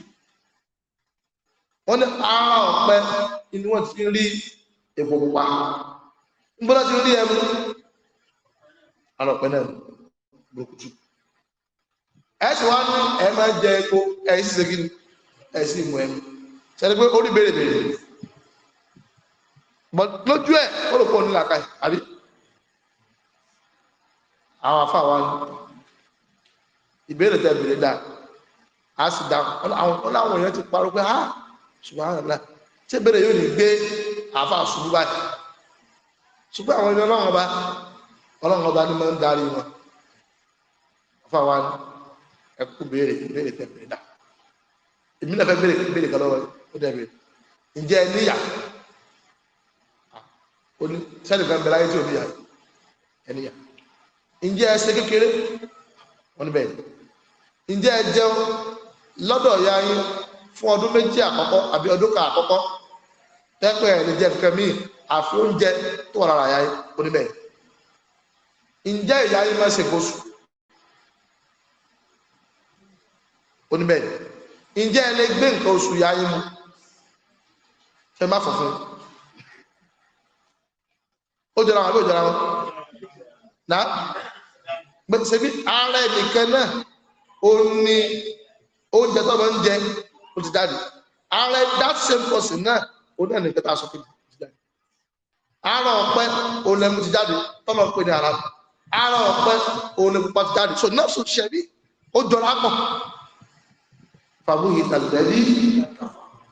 wọ́n ní ara ọ̀pẹ inú wọn ti rí epo pupa ń bọ́dọ̀ ti rí ẹmu ara ọ̀pẹ náà burúkutu ẹ sì wá ní ẹ máa jẹ epo ẹ sì ṣe kí ni ẹ sì mú ẹmu ṣẹlẹ̀ pé orí bèrè bèrè lójú ẹ̀ ó rò pé òun nílà káyì àbí àwọn afa wa ìbéèrè tẹ bèrè dáa a sì dá àwọn àwọn èèyàn ti parọ́ pé ah subhanallah ṣé ìbéèrè yóò ní gbé àfa ṣubú báyìí ṣùgbọ́n àwọn ènìyàn ọlọ́run ọba ọlọ́run ọba ni máa ń darí wọn afa wa ni ẹ kú béèrè ìbéèrè tẹ bèrè dáa èmi náà fẹ́ béèrè béèrè kan lọ́wọ́ ó dẹ̀ bèrè ǹjẹ́ níyà ó ní sẹ́ni kan bẹ̀rẹ̀ ayé tí òbí yà ẹni yà ǹjẹ́ ẹ ṣe kékeré wọn ni bẹ́ẹ̀ ǹjẹ́ ẹ jẹun lọ́dọ̀ ya yín fún ọdún méjì àkọ́kọ́ àbí ọdún kan àkọ́kọ́ tẹ́pẹ́ ẹ̀ lè jẹ nǹkan míì àfi oúnjẹ tó wà lára ya yín ó ní bẹ́ẹ̀ ǹjẹ́ ìyá yín máa ṣe gbóṣù ó ní bẹ́ẹ̀ ǹjẹ́ ẹ lè gbé nǹkan oṣù ya yín mu ẹ má fọ̀ ó jọra wọn àbí ó jọra wọn náà gbèsè bí ara ẹnìkan náà ó ní oúnjẹ tó máa ń jẹ ó ti jáde ara that same person náà ó ní ẹnìkan tá a sọ pé ti jáde ara ọ̀pẹ ó lẹ́mu ti jáde tó máa ń pè ní ara ara ọ̀pẹ ó lẹ́mu pa ti jáde so náà sọ ṣẹ̀rí ó jọra pọ̀ fàbúyì tàbí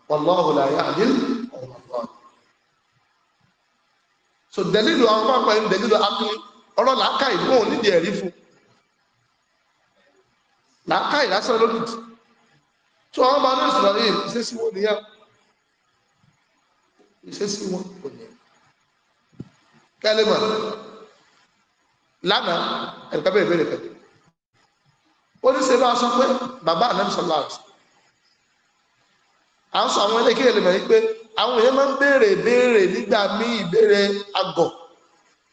wàlúwàhùn làyà àdéhùn. so dẹ̀lílù àwọn pápá ẹni dẹ̀lílù akíní ọ̀rọ̀ làákà ìlú òun nídìí ẹ̀rí fún làákà ìlásán lónìí tó àwọn ọmọ náà sọ̀rọ̀ yìí ìṣesí wọn nìyẹn ìṣesí wọn kò ní kẹlẹ́mọ̀ lánàá ẹ̀ka bẹ́ẹ̀ bẹ́ẹ̀ kẹ́kẹ́ ó ní sẹ́yìn bá sọ pé bàbá àná sọ̀rọ̀ àti à ń sọ àwọn ẹlẹ́kẹ́ ẹlẹ́mọ̀ yìí pé àwọn èèyàn máa ń béèrè béèrè nígbà míì ìbéèrè àgọ̀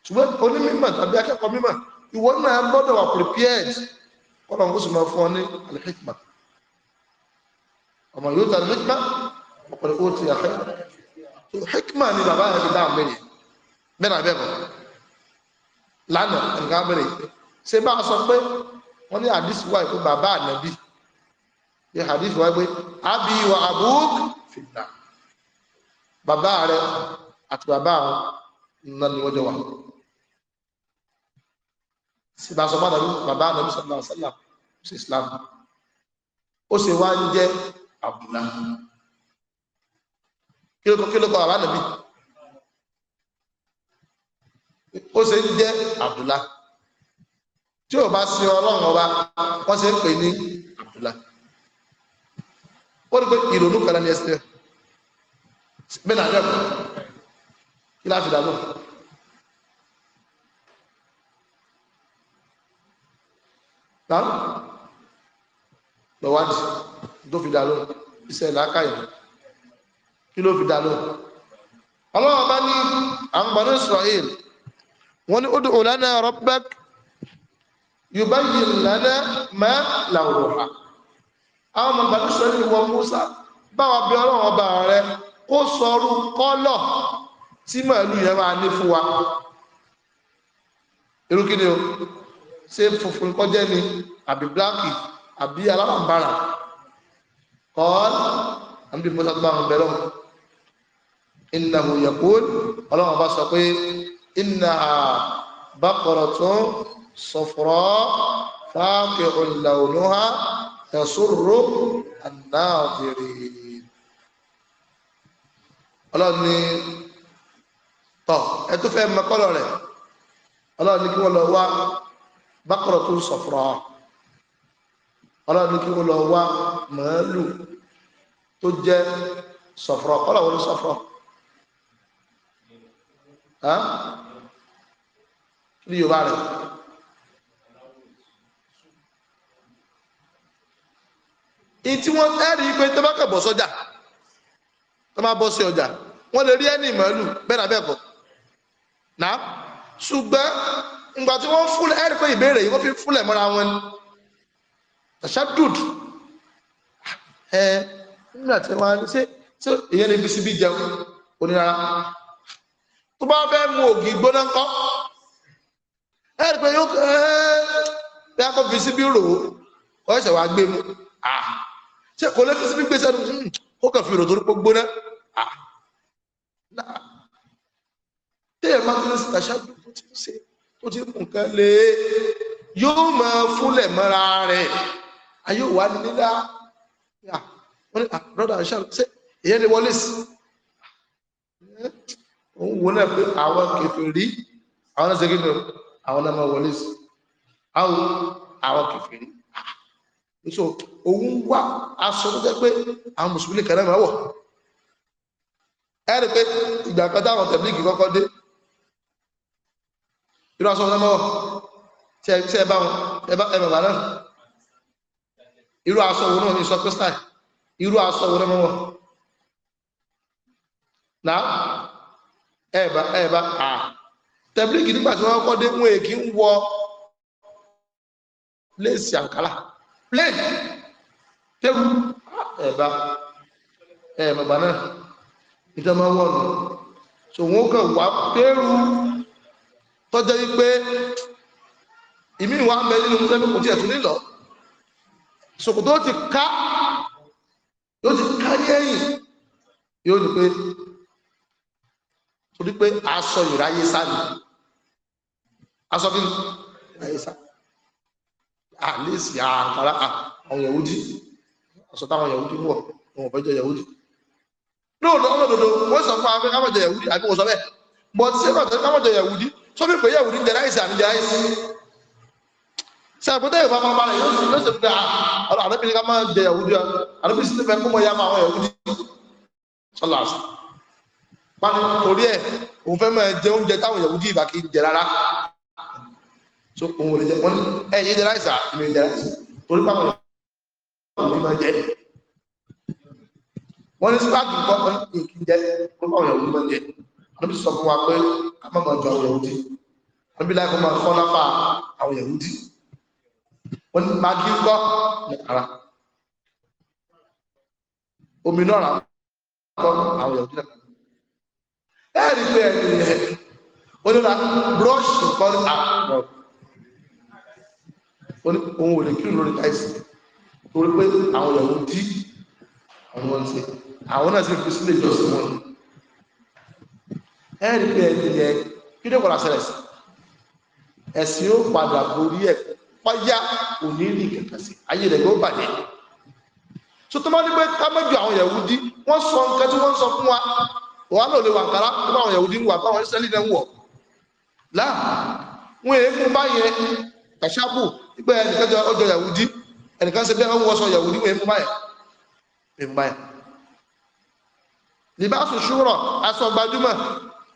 ṣùgbọ́n onímọ̀ tàbí akẹ́kọ̀ọ́ mímọ̀ ìwọ náà gbọ́dọ̀ wà prepared kọ́nà kó sì máa fún ọ ní alhikma ọmọ yóò ta alhikma ọ̀pọ̀lọpọ̀ ó ti àfẹ́ so hikma ni bàbá yẹn ti dá àmì yẹn bẹ́ẹ̀ náà bẹ́ẹ̀ bọ̀ lánàá nǹkan abẹ́rẹ́ yìí ṣé bá a sọ pé wọ́n ní hadith wa ìpè bàbá ànábì ní hadith wa ìpè abi wa abuk fìlà bàbá rẹ̀ àti bàbá rẹ̀ nínú ni wọ́n jọ wà sí bá sọ bàbá bàbá rẹ̀ sọ́lá sọ́lá sí Islam ó sì wá ń jẹ́ Abdullah kí ló kọ́ kí ló kọ́ bàbá nàbí ó sì ń jẹ́ Abdullah tí ò bá sin ọlọ́run ọba wọ́n sì ń pè ní Abdullah ó rí pé ìrònú kan ní ẹsẹ̀ rẹ̀ bẹ́ẹ̀ náà dẹ́kun kí láti dàgbò. tá lọ́wádìí tó fi dà lóhùn iṣẹ́ làákàyè kí ló fi dà lóhùn. ọlọ́wọ́ bá ní àwọn Banu Israel wọ́n ní ud'u lana rabbak yubayyin lana ma lawnuha. àwọn ọmọ Banu Israel wọ Musa báwa bí ọlọ́wọ́ bá rẹ kó sọrú kọ́lọ̀ tí màálù yẹn máa ní fún wa irú kí ni o ṣé funfun kọ́ jẹ́ ni àbí bíláàkì àbí alárànbarà kọ́ọ́n àbí mọ́tà tó bá ń bẹ̀rẹ̀ wọn innahu yaqul ọlọ́run bá sọ pé innaha baqaratun safra faqi'un lawnuha tasurru an-nadhirin ọlọ́run ni tọ̀ ẹ tó fẹ́ mọ kọ́lọ̀ rẹ̀ ọlọ́run ní kí wọ́n lọ wá bákọ̀rọ̀ tó ń sọ̀fọ̀rọ̀ ọlọ́run ní kí wọ́n lọ wá màálù tó jẹ́ sọ̀fọ̀rọ̀ kọ́lọ̀ wọ́n ní sọ̀fọ̀rọ̀ ní yorùbá rẹ̀ ìtí wọ́n ẹ̀rí pé tó kà bọ̀ sọ́jà tó bọ́ sí ọjà wọ́n lè rí ẹni màálù bẹ́ẹ̀ náà bẹ́ẹ̀ kọ́ nà ṣùgbọ́n ìgbà tí wọ́n fúlẹ̀ ẹ̀rí pé ìbéèrè yìí wọ́n fi fúlẹ̀ mọ́ra wọn ni tashadud ẹ nígbà tí wọ́n ṣe ṣe ìyẹn lè fi síbi jẹun onírara tó bá fẹ́ mu ògì gbóná kọ́ ẹ̀rí pé yóò ẹ́ ẹ́ kó fi síbi rò ó ọ̀ṣẹ̀ wàá gbé mu ṣe kò lè fi síbi gbé sẹ́nu hmm, ó kàn fi rò torí pé gbóná náà téèyàn bá ti ń tàṣàdù tó ti ń ṣe tó ti ń kùn kan lé yóò máa fúnlẹ̀ mọ́ra rẹ̀ ayé wà ní nílá wọ́n ní ah, brother Ishaq ṣe èyẹ́ ni wọlé sí òun wo náà pé àwọn kèfèrí àwọn náà ṣe kí ni àwọn náà máa wọlé sí àwọn àwọn kèfèrí ah, so òun wá aṣọ tó jẹ́ pé àwọn mùsùlùmí kan náà máa wọ̀ ẹ̀rí pé ìgbà kan táwọn tẹ̀blíkì kọ́kọ́ dé irú aṣọ ọ̀sán mọ́wọ́ tí ẹ bá wọn ẹ bàbá náà irú aṣọ òun ní sọ kristal irú aṣọ òun mọ́wọ́ náà ẹ bá ẹ bá tẹ̀blíkì nígbà tí wọ́n dé ń wọ tẹ́gù ẹ bá ẹ bàbá náà. ìjọba wọ̀nù so wọn kàn wá pẹ́rù tọ́jọ́ yí pé ìmí ìwà ń bẹ nínú mùsùlùmí kò tiẹ̀ tún nílọ ṣòkòtò ó ti ká yóò ti ká ní ẹ̀yìn yóò ní pé torí pé aṣọ ìráyé sá ni aṣọ kí ni ìráyé sá àlèsì àkàrà àwọn yahudi aṣọ táwọn yahudi wọ̀ wọn ò fẹ́ jẹ́ yahudi No, ọlọ́dọ̀dọ̀ wọ́n sọ fún abẹ́ kámọ̀jọ yahudi àbí wọ́n sọ bẹ́ẹ̀ but ṣé kọ̀tọ̀ kámọ̀jọ yahudi tó bí pé yahudi jẹ láìsí àmì jẹ àìsí ṣe àpótẹ́ ìfà máa balẹ̀ yóò sì lọ́sẹ̀ pé àwọn ah, àdébìnrin ká máa jẹ yahudi àdébìnrin sì fẹ́ kó mọ so òun ò lè jẹ wọn ẹ̀yìn jẹ láìsà ìmì jẹ láìsà wọ́n ní sípàgì nǹkan kan ní kí n jẹ́ nípa ọ̀rọ̀ ìlú mọ́jẹ́ níbi sọ fún wa pé ká má máa ju àwọn Yahudi níbi láì fún máa kọ́ lápá àwọn Yahudi wọ́n ní máa kí kọ́ ní ara omi náà rà kọ́ àwọn Yahudi náà ẹ̀ rí pé ẹni yẹn wọ́n ní ra búrọ́ọ̀ṣì kọ́ ní àpò òun ò lè kí lórí táìsì torí pé àwọn Yahudi àwọn ọ̀sẹ̀ àwọn náà sì fi sílé ìjọsìn wọn ẹ̀rí pé ẹni yẹn kí ló padà ṣẹlẹ̀ sí ẹ̀sìn ó padà borí ẹ̀ páyá òní rí kẹ̀kẹ́ sí ayé rẹ̀ yóò bàjẹ́ tó tó máa ní pé ká mẹ́jọ àwọn Yahudi wọ́n sọ nǹkan tí wọ́n sọ fún wa wọ́n lò lè wà nkàrà tó bá àwọn Yahudi ń wà báwọn Israẹli náà ń wọ̀ láà wọ́n èé fún báyẹn kàṣábù pé ẹnìkan jọ ọjọ́ Yahudi ẹnìkan ṣe bí wọ́n wọ́sọ Yahudi wọ́n èé fún báyẹn libaṣu ṣúrọ aṣọ gbajúmọ̀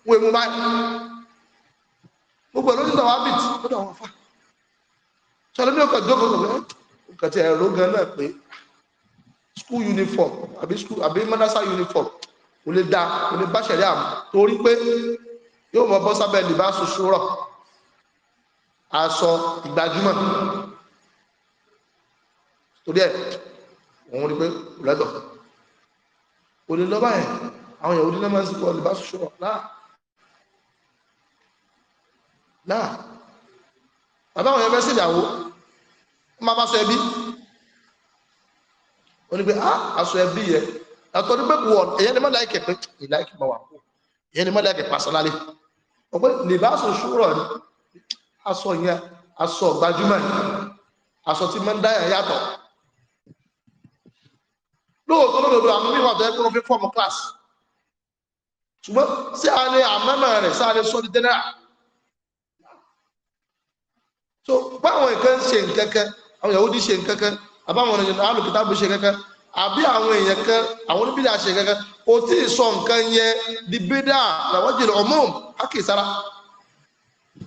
wọn èmu báyìí gbogbo lórí ìtàwọn abit ó dà wọn fà ṣọlẹ ní ọkàn jókòó rẹ nǹkan tí ẹrọ gan náà pé school uniform àbí school àbí madrasa uniform kò lè da kò lè bá ṣẹlẹ̀ àmọ́ torí pé yóò mọ bọ sábẹ́ libaṣu ṣúrọ aṣọ ìgbajúmọ̀ torí ẹ òun rí pé kò lẹtọ kò lè lọ báyẹn àwọn yahudi náà máa ń sìnkú ọlẹ bá ṣọ láà láà bàbá àwọn yẹn fẹ́ sí ìyàwó wọ́n máa bá sọ ẹbí wọ́n ní pé ah aṣọ ẹbí yẹ àtọ́ ní pé kò ẹ̀yẹ́ ni má láì kẹ̀kẹ́ ìláì kì máa wà kó ẹ̀yẹ́ ni má pàṣẹ lálẹ́ ọ̀pẹ́ lè bá lóòótọ́ lódodo àwọn mímọ̀ tó yẹ kó ló fi fọ́ọ̀mù kíláàsì ṣùgbọ́n sí àlè àmọ́mọ́ rẹ̀ sí àlè sọ́ọ́dí general so báwọn nǹkan ṣe nǹkankan àwọn Yahudi ṣe nǹkankan àbáwọn ọ̀nà alùpùpù bó ṣe kankan àbí àwọn èèyàn kan àwọn oníbìdà ṣe kankan kò tí ì sọ nǹkan yẹn di bídà làwọn jèrè ọmọ àkèsára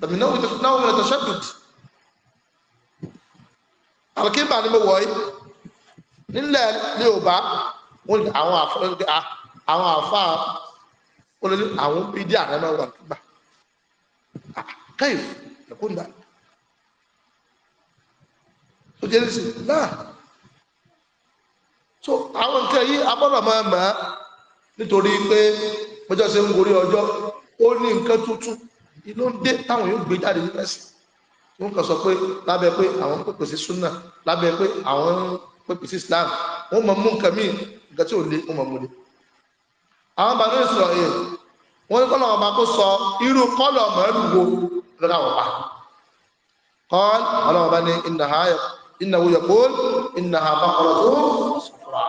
tàbí náà wọn náà wọn lọ tẹsán dùd àlùkébà ni mo wọ̀ yìí nílẹ̀ Yorùbá wọ́n ní àwọn àfáà ah, àwọn àfáà wọ́n ní àwọn bídí àrẹ́mọ̀ wà nígbà ah, káyọ̀ ẹ̀kọ́ nígbà tó jẹ́ lẹ́sìn náà so àwọn nǹkan yìí abọ́dọ̀ máa mọ̀ ẹ́ nítorí pé bọ́jọ́ ṣe ń gorí ọjọ́ ó ní nǹkan tuntun ló ń dé táwọn yóò gbé jáde nípa ẹ̀sìn wọ́n kàn sọ pé lábẹ́ pé àwọn pèpè súnà lábẹ́ pé àwọn ń pépè sí islam wọn mọ mú nǹkan míì nǹkan tí ò lé wọn mọ mú lé àwọn bàbá ìsọ̀rọ̀ yẹn wọn ní kọ́lọ̀ ọba kó sọ irú kọ́lọ̀ màálù wo lọ́dà wọn pa kọ́l ọlọ́wọ́ ní ìnáwó yẹ̀kọ́ ìnáwó abákọ́lọ́ tó sọ̀rọ̀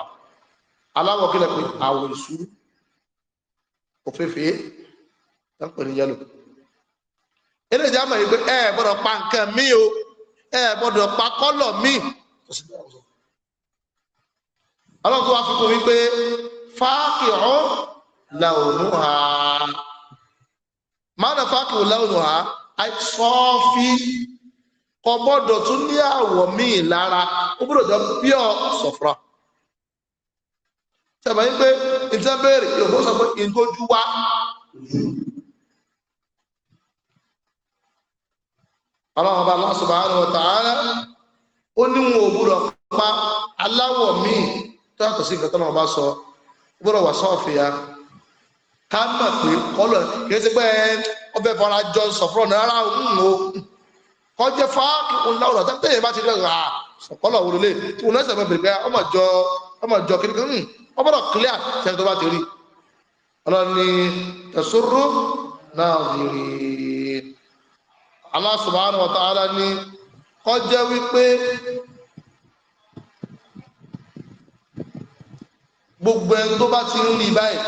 aláwọ̀ kí lè pe àwọ̀ ìṣúrú òféfé tó ń yẹlò eré ìjà yìí pé ẹ gbọ́dọ̀ pa nǹkan míì o ẹ gbọ́dọ̀ pa kọ́lọ̀ míì ọlọ́run tó wá fi kún wípé fáàkìrún làónú ha mọ́nà fáàkìrún làónú ha sọ́ọ́fí kò gbọ́dọ̀ tún ní àwọ̀ míì lára ó gbọ́dọ̀ jọ pure sọ̀fra sẹ́mi yín pé ìtẹ́ béèrè yòókù sọ pé ìgójú wá ọlọ́run ọba Allah subhanahu wa ta'ala ó níwọ̀n òbúrọ̀ pa aláwọ̀ míì tó yàtọ̀ sí nǹkan tó náà bá sọ gbọ́dọ̀ wà sọ́ọ̀fì ya ká mọ̀ pé kọ́lọ̀ kìí ṣe pé ọbẹ̀ fara jọ sọ̀fúrọ̀ náà rárá òun o kọ́ jẹ́ fáàkì òun láwùrọ̀ tó tẹ̀yìn bá ti rẹ̀ rà sọ̀kọ́lọ̀ wò lólè tí òun lẹ́sẹ̀ mọ̀ bèrè ọmọ jọ ọmọ jọ kiri kan ọ hmm, gbọ́dọ̀ clear tẹ́lẹ̀ tó bá ti rí ọlọ́ni tẹ̀sọ́rọ́ Allah subhanahu wa ta'ala ni wípé gbogbo ẹni tó bá ti ń rí báyìí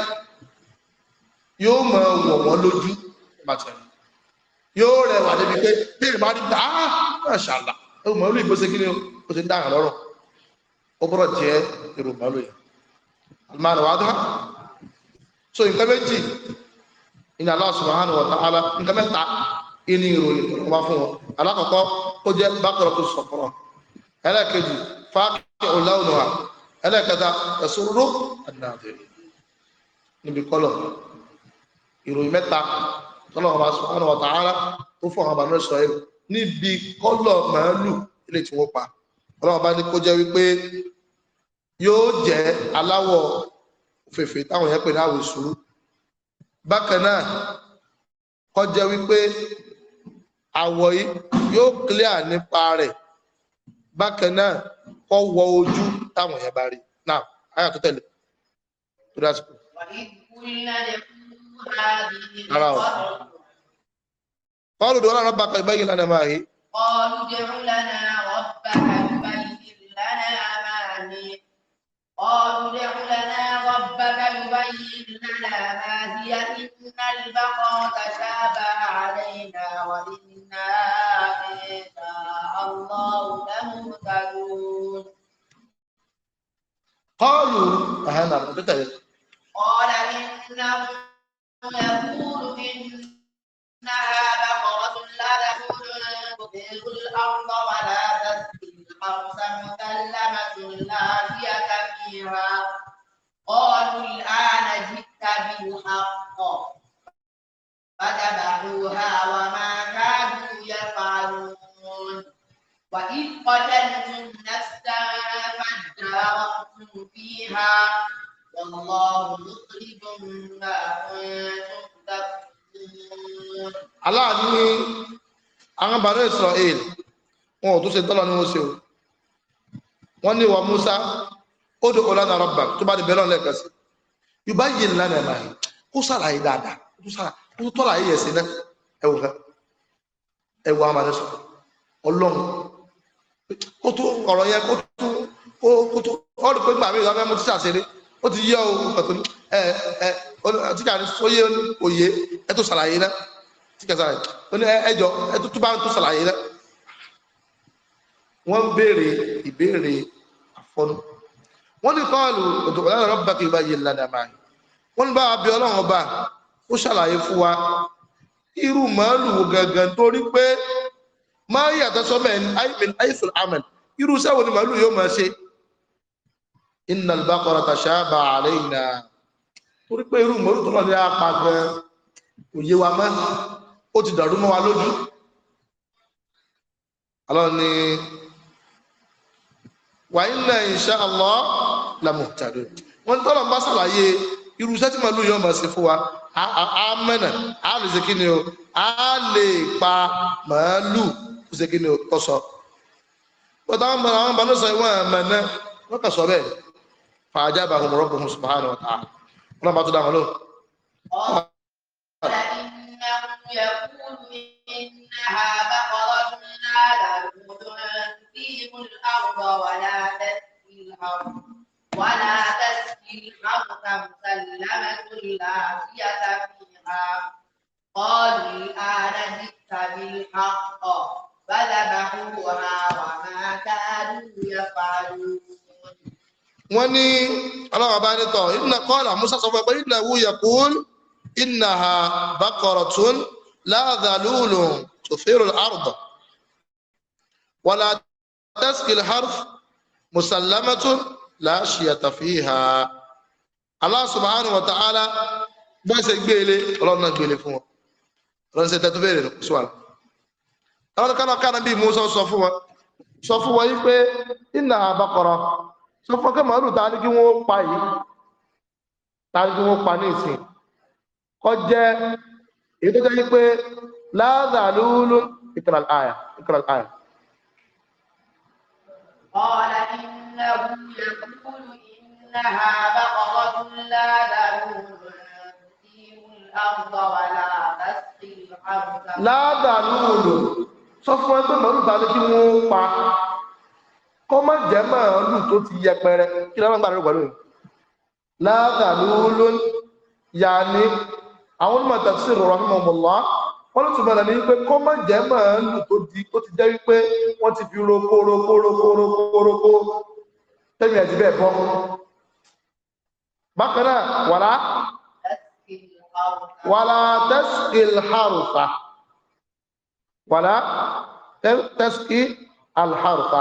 yóò mọ wọ̀ wọ́n lójú yóò rẹwà débi pé bí ìrìn bá rí gbà á náà ṣàlà ó mọ olú ìgbésẹ̀ kí ni ó ti ń dáhà lọ́rọ̀ ó gbọ́dọ̀ jẹ́ èrò ìbálò yẹn alimari wa dá so nǹkan méjì ní Allah subhanahu wa ta'ala nǹkan mẹ́ta ìní ìròyìn tó wá fún wọn alákọ̀ọ́kọ́ ó jẹ́ bákọ̀rọ̀ tó sọ̀kọ̀rọ̀ ẹlẹ́ẹ̀kejì fáàkì ọ̀làwùn ẹlẹ́kẹta ẹ̀sùrú àdìnàdì níbi kọlọ̀ ìròyìn mẹ́ta tọ́lọ́wọ́ bá subhanahu wa ta'ala tó fún àwọn àbànú sọ ẹ̀ níbi kọlọ̀ màálù ilé tí wọ́n pa ọlọ́wọ́ bá ní kó jẹ́ wípé yóò jẹ́ aláwọ̀ fèfè táwọn yẹn pè ní àwọ̀ ìṣúrú bákan náà kó jẹ́ wípé àwọ̀ yìí yóò clear nípa rẹ̀ bákan náà kó wọ ojú táwọn èèyàn bá rí náà àyà tó tẹ̀lé tó dá sùkú. ara o kọ́ọ̀lù dùn ọ́nà rọ́bà kan ìbẹ́yìn lánàá máa yí. kọ́ọ̀lù dùn ọ́nà rọ́bà النار وتنتهي قال إنه يقول إنها بقرة لا تخرج الأرض ولا تسقي الحرث مسلمة لا شية فيها قالوا الآن جئت بالحق فذبحوها وما كانوا يفعلون وإذ قتلتم نفسا فادارأتم فيها Allah ní àwọn bàrẹ Israel wọn ò tún ṣe tọ́lọ ní wọ́n ṣe o wọ́n ní wa Musa ó dé ọlọ́nà rọ́bà tó bá di bẹ́lọ̀ lẹ́ẹ̀kan sí yorùbá yìí ńlá nàìjíríà yìí kó sàlàyé dáadáa kó tọ́lá yìí yẹ̀ sí náà ẹ̀wọ̀n kan ẹ̀wọ̀n àmàlẹ́ sọ ọlọ́run ó tún ọ̀rọ̀ yẹn kó tún ó tún ọ̀rọ̀ pé gbàmí ìlànà mú títà ṣeré ó ti yẹ o ọ̀tún ẹ ẹ tíkà ní sóyè òye ẹ tó ṣàlàyé náà tíkà ṣàlàyé ó ní ẹjọ ẹ tó túbà tó ṣàlàyé náà wọ́n ń béèrè ìbéèrè àfọ́nù wọ́n ní kọ́ọ̀lù ọ̀dọ̀kọ̀lá rọ̀ bá kí n bá yé ládàá máa wọ́n ní bá abẹ́ ọlọ́run ọba ó ṣàlàyé fún wa irú màálù gangan torí pé máa yàtọ̀ sọ́mẹ̀ àìsùn àmẹ̀ irú sẹ́wọ̀n ni màálù yóò máa ṣe inna al-baqara tashaba alayna torí pé irú mọ̀rú tó lọ́dẹ́ apá gan òye wa mọ́ ó ti dàrú mọ́ wa lójú Allah ni wa inna insha Allah la muhtadun wọ́n tọ́lọ̀ ń bá sàlàyé irú iṣẹ́ tí màlúù yọ̀ mọ̀ sí fún wa a mẹ́nà a lè ṣe kí ni o a lè pa màlúù kó ṣe kí ni o tọ́sọ. bọ́tà àwọn ọmọ àwọn ọmọ náà sọ ìwọ̀n mẹ́nà wọ́n kà sọ bẹ́ẹ̀ فأجابهم ربهم سبحانه وتعالى أنا ما تدعم له قال إنه يقول إنها بقرة لا تنفيب الأرض ولا تسقي الأرض ولا تسقي الأرض مسلمة لا wọ́n ní ọlọ́wọ́ bá ní tọ̀ inna qala Musa sọ fún ẹgbẹ́ inna wu yaqul innaha baqaratun la dhalulun tufiru al-ard wala tasqi al-harf musallamatun la shiyata fiha Allah subhanahu wa ta'ala gbọ́sẹ̀ gbélé ọlọ́run náà gbélé fún wọn ọlọ́run ṣe tẹ́tú bẹ̀rẹ̀ kó sùwàlà ọlọ́run kánà kánà bíi Musa sọ fún wọn sọ fún wọn yìí pé innaha baqara sọ fún kí màálù ta ní kí wọ́n pa yìí ta ní kí wọ́n pa ní ìsìn kọ́ jẹ́ èyí tó jẹ́ pé láàzà lúlú ìkìlàl àyà ìkìlàl àyà. sọ fún ẹgbẹ́ màálù ta ní kí wọ́n pa kọ́ má jẹ́ màálù tó ti yẹpẹrẹ kí lọ́wọ́ gbàdúrà pẹ̀lú yìí látàlú lónìí yàní àwọn onímọ̀ tafsir rahimahumullah wọ́n ló túnbọ̀ ní pé kọ́ má jẹ́ màálù tó di tó ti jẹ́ wípé wọ́n ti fi roko roko roko roko roko tẹ́mi ẹ̀jì bẹ́ẹ̀ bọ́ bákan náà wàlá wàlá tẹ́sìkìl harufa wàlá tẹ́sìkìl alharufa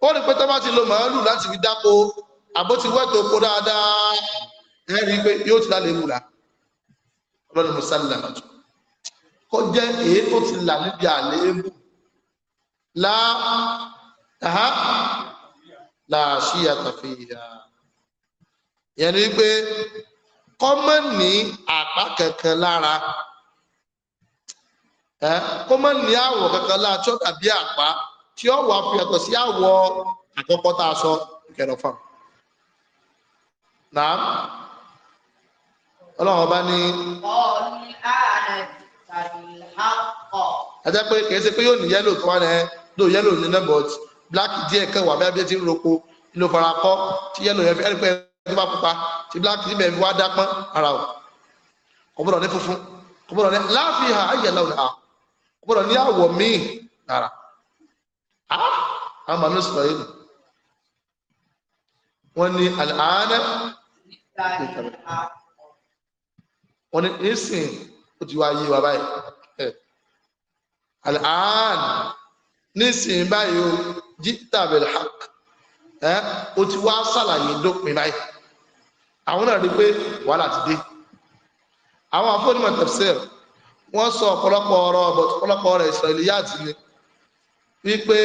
ó rí pé tó bá ti lo màálù láti fi dáko àbó ti wẹ́tò kó dáadáa ẹ rí i pé yóò ti lálẹ́ wùlà ọlọ́run mùsàlùmí àmàtù kó jẹ́ èyí tó ti là níbi àléébù lá àhá làásìyà tàfihàn yẹn ni wípé kọ́mọ́ ní àpá kankan lára kọ́mọ́ ní àwọ̀ kankan lára tí ó àpá tí ó wà fi yàtọ̀ sí àwọ̀ àkọ́kọ́ tá a sọ kẹrọ fam náà ọlọ́run ọba ní. ajá pé kìí ṣe pé yóò ní yẹ́lò tó wà ní ẹ́ yẹ́lò ní nẹ́bọ̀t black díẹ̀ kan wà bí abẹ́ ti ń roko ló fara kọ́ tí yẹ́lò yẹn fi ẹni pé ẹni bá pupa tí black níbẹ̀ fi wá dápọ́n ara o kò gbọ́dọ̀ ní funfun kò gbọ́dọ̀ ní láàfin ha ayẹ̀lá òun kò gbọ́dọ̀ ní àwọ̀ míì rárá àmàmì sọ̀rọ̀ yìí wọ́n ní àlàáná wọ́n ní ìsìn ó ti wá yé wa báyìí àlàáná nísìn báyìí ó jí tàbí hàk ó ti wá sàlàyé dópin báyìí àwọn náà rí pé wàhálà ti dé àwọn afọ́nimọ̀ tafsir wọ́n sọ ọ̀pọ̀lọpọ̀ ọ̀rọ̀ ọ̀pọ̀lọpọ̀ ọ̀rọ̀ Israiliyat ni wípé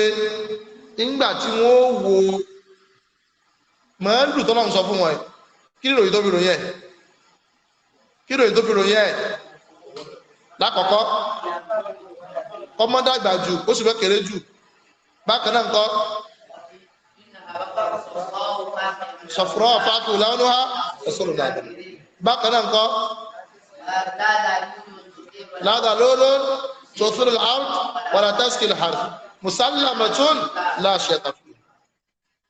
ńgbà tí wọ́n ó wo màálù tọ́lọ́ sọ fún wọn ẹ̀ kí ni ìròyìn tó fi ròyìn ẹ̀ kí ni ìròyìn tó fi ròyìn ẹ̀ lákọ̀ọ́kọ́ kọ́mọ́dé àgbà jù oṣù fẹ́ kéré jù bákan náà ńkọ́ sọ̀fúrọ̀ fàákù lánàá ha ẹ̀sọ́rọ̀ dàbí bákan náà ńkọ́ ládàá lóòló tòṣìlẹ̀ àrùn wàlátàṣìlẹ̀ àrùn musallamatun la shayta fi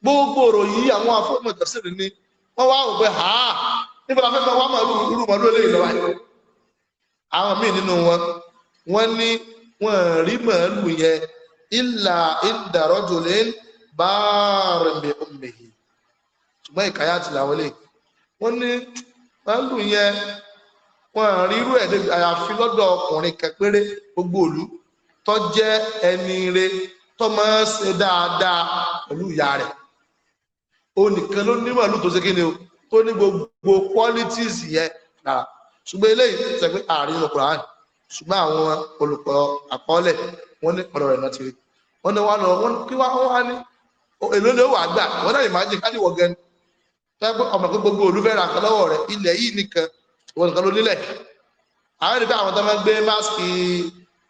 gbogbo ọ̀rọ̀ yìí àwọn afọ́mọ̀ tẹ̀sílì ni wọ́n wá òpé ha níbi afẹ́fẹ́ wá máa rú mọ́ lólè ìlọ́wà yìí àwọn míì nínú wọn wọ́n ní wọ́n rí màálù yẹn ìlà ìdàrọ́jòlè báàrìnbẹ̀ òmìnirì ṣùgbọ́n ìkàyà ti làwọn lè wọ́n ní màálù yẹn wọ́n rí irú ẹ̀ àyàfi lọ́dọ̀ ọkùnrin kẹpẹ́rẹ́ gbogbo òlú tó jẹ́ ẹni re tó máa ń ṣe dáadáa pẹ̀lú ìyá rẹ̀ o ló nímọ̀ ló tó ṣe kíni o tó ní gbogbo qualities yẹn dára ṣùgbọ́n eléyìí tẹ̀ pé ààrin ló kura hàn ṣùgbọ́n àwọn olùkọ́ àkọọ́lẹ̀ wọ́n ní ọ̀rọ̀ rẹ̀ náà ti rí wọ́n ní wọ́n lọ wọ́n kí wá wọ́n á ní èlò ló wà gbà wọ́n náà ìmájì ká níwọ̀ gẹ́ni tẹ́gbọ́n ọmọ pé gbogbo olúfẹ́ ra nǹkan lọ́wọ́ rẹ̀ ilẹ̀ yìí nìkan ìwọ̀n nìkan ló nílẹ̀ àwọn ènìyàn tó máa ń gbé máàsì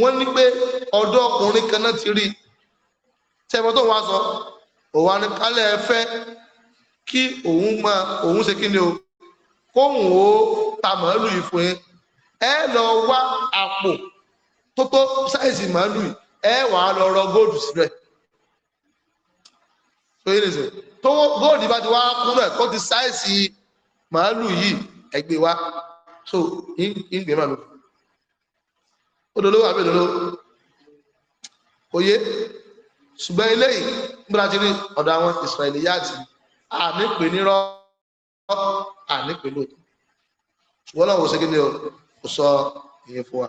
wọ́n ní pé ọ̀dọ́ ọkùnrin kan náà ti rí tẹ́gbọ́n tó wá sọ òun anìkálẹ̀ fẹ́ kí òun máa òun ṣe kí ni o kóhùn ó ta màálù yìí fún yín ẹ lọ wá àpò tó tó sáìsì màálù yìí ẹ wàá lọ rọ góòdù síbẹ̀ tó yé nìṣẹ́ tó góòdù bá ti wá kúrò ẹ̀ tó ti sáìsì màálù yìí ẹgbẹ́ wa so ìgbẹ́ màálù yìí odolówó àbí odolówó oyé ṣùgbọ́n eléyìí gbọ́dá ti rí ọ̀dọ̀ àwọn Israẹli yáàtì ànípè nírọ́ ànípè lóòótọ́ ṣùgbọ́n náà wò ṣe kíni o kò sọ ìyẹn fún wa.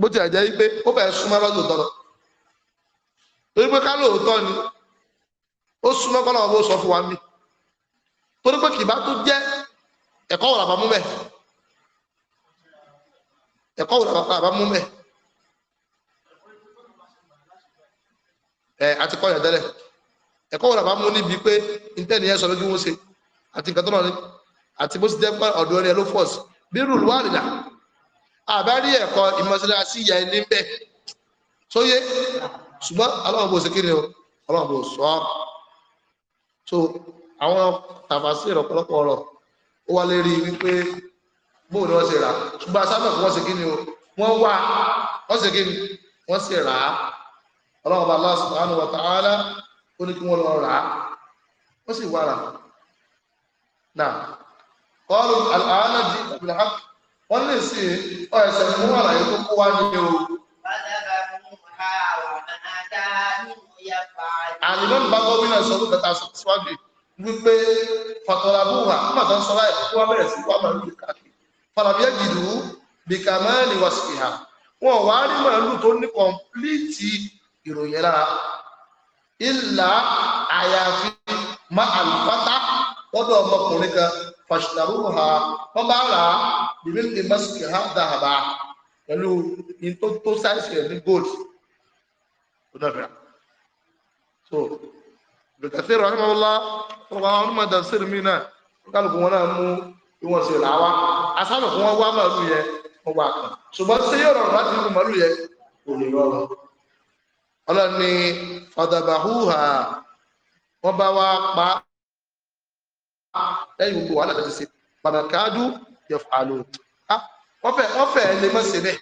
bó ti àjẹ́ wípé ó fẹ́ súnmọ́ lọ́dún tọ́lọ́ torí pé ká lóòótọ́ ni ó súnmọ́ kọ́nà ọ̀bọ̀ sọ fún wa mí torí pé kì bá tó jẹ́ ẹ̀kọ́ wò làbá mú bẹ̀ ẹ̀kọ́ wò làbá mú bẹ̀ ẹ̀ àti kọ́ yẹn tẹ́lẹ̀ ẹ̀kọ́ wò làbá mú níbi pé ntẹ́ni yẹn sọ lójú wọn ṣe àti nǹkan tó náà ní àti bó ti jẹ́ pé ọ̀dọ́ rẹ̀ ló fọ́ọ̀sì bí rúlù wà nìyà àbárí ẹ̀kọ́ ìmọ̀síláṣí ìyá ẹni ń bẹ̀ sóyé ṣùgbọ́n ọlọ́run bó ṣe kí ni o ọlọ́run bó sọ ọ́ so àwọn tàfàṣì ìrọ̀pọ̀lọpọ̀ ọ̀rọ̀ ó wá lérí wípé bóun ni wọ́n ṣe rà ṣùgbọ́n asábẹ̀kú wọ́n ṣe kí ni o wọ́n wá wọ́n ṣe kí ni wọ́n ṣe rà á ọlọ́run bá Allah subhanahu wa ta'ala ó ní kí wọ́n lọ rà á wọ́n sì wá rà kọ́ọ̀lù àlàánà jí ìbìlẹ̀ hàk wọ́n lè sí ọ ẹ̀sẹ̀ fún àlàyé tó kó wá ní o. àlùmọ́ọ̀nù bá gómìnà sọ ló kẹta síwájú yìí wípé fatọ̀làbúhà nígbàtà sọ láì fún wa bẹ̀rẹ̀ sí wà máa ń lè káàkiri fàlàbíyà jìdú bìkà máa ní wàsíkìhà wọn wá rí màálù tó ní kọ̀ǹpìlìtì ìròyìn lára ìlà àyàfi má àlùfátà lọ́dọ̀ ọmọkùnrin kan fàṣìlàbúhà wọn bá rà á bìbí ní màsíkìhà dàbà pẹ̀lú ní tó tó sáìsì rẹ̀ ní gold bẹ̀kẹ̀tẹ̀ rahimahulá ọba àwọn ọmọ dàbísírì mí náà kálukú wọn náà mú bí wọn sì làwá asábẹ̀ fún wọn wá màálù yẹn wọn wà kàn ṣùgbọ́n ṣé yóò rọrùn láti mú màálù yẹn kò lè rọrùn. ọlọ́ni fàdàbàhùhà wọ́n bá wá pa lẹ́yìn gbogbo wàhálà tẹ̀sí sí pàmẹ́kádù yẹ fàálù wọ́n fẹ́ ẹ̀ lè mọ̀ sí bẹ́ẹ̀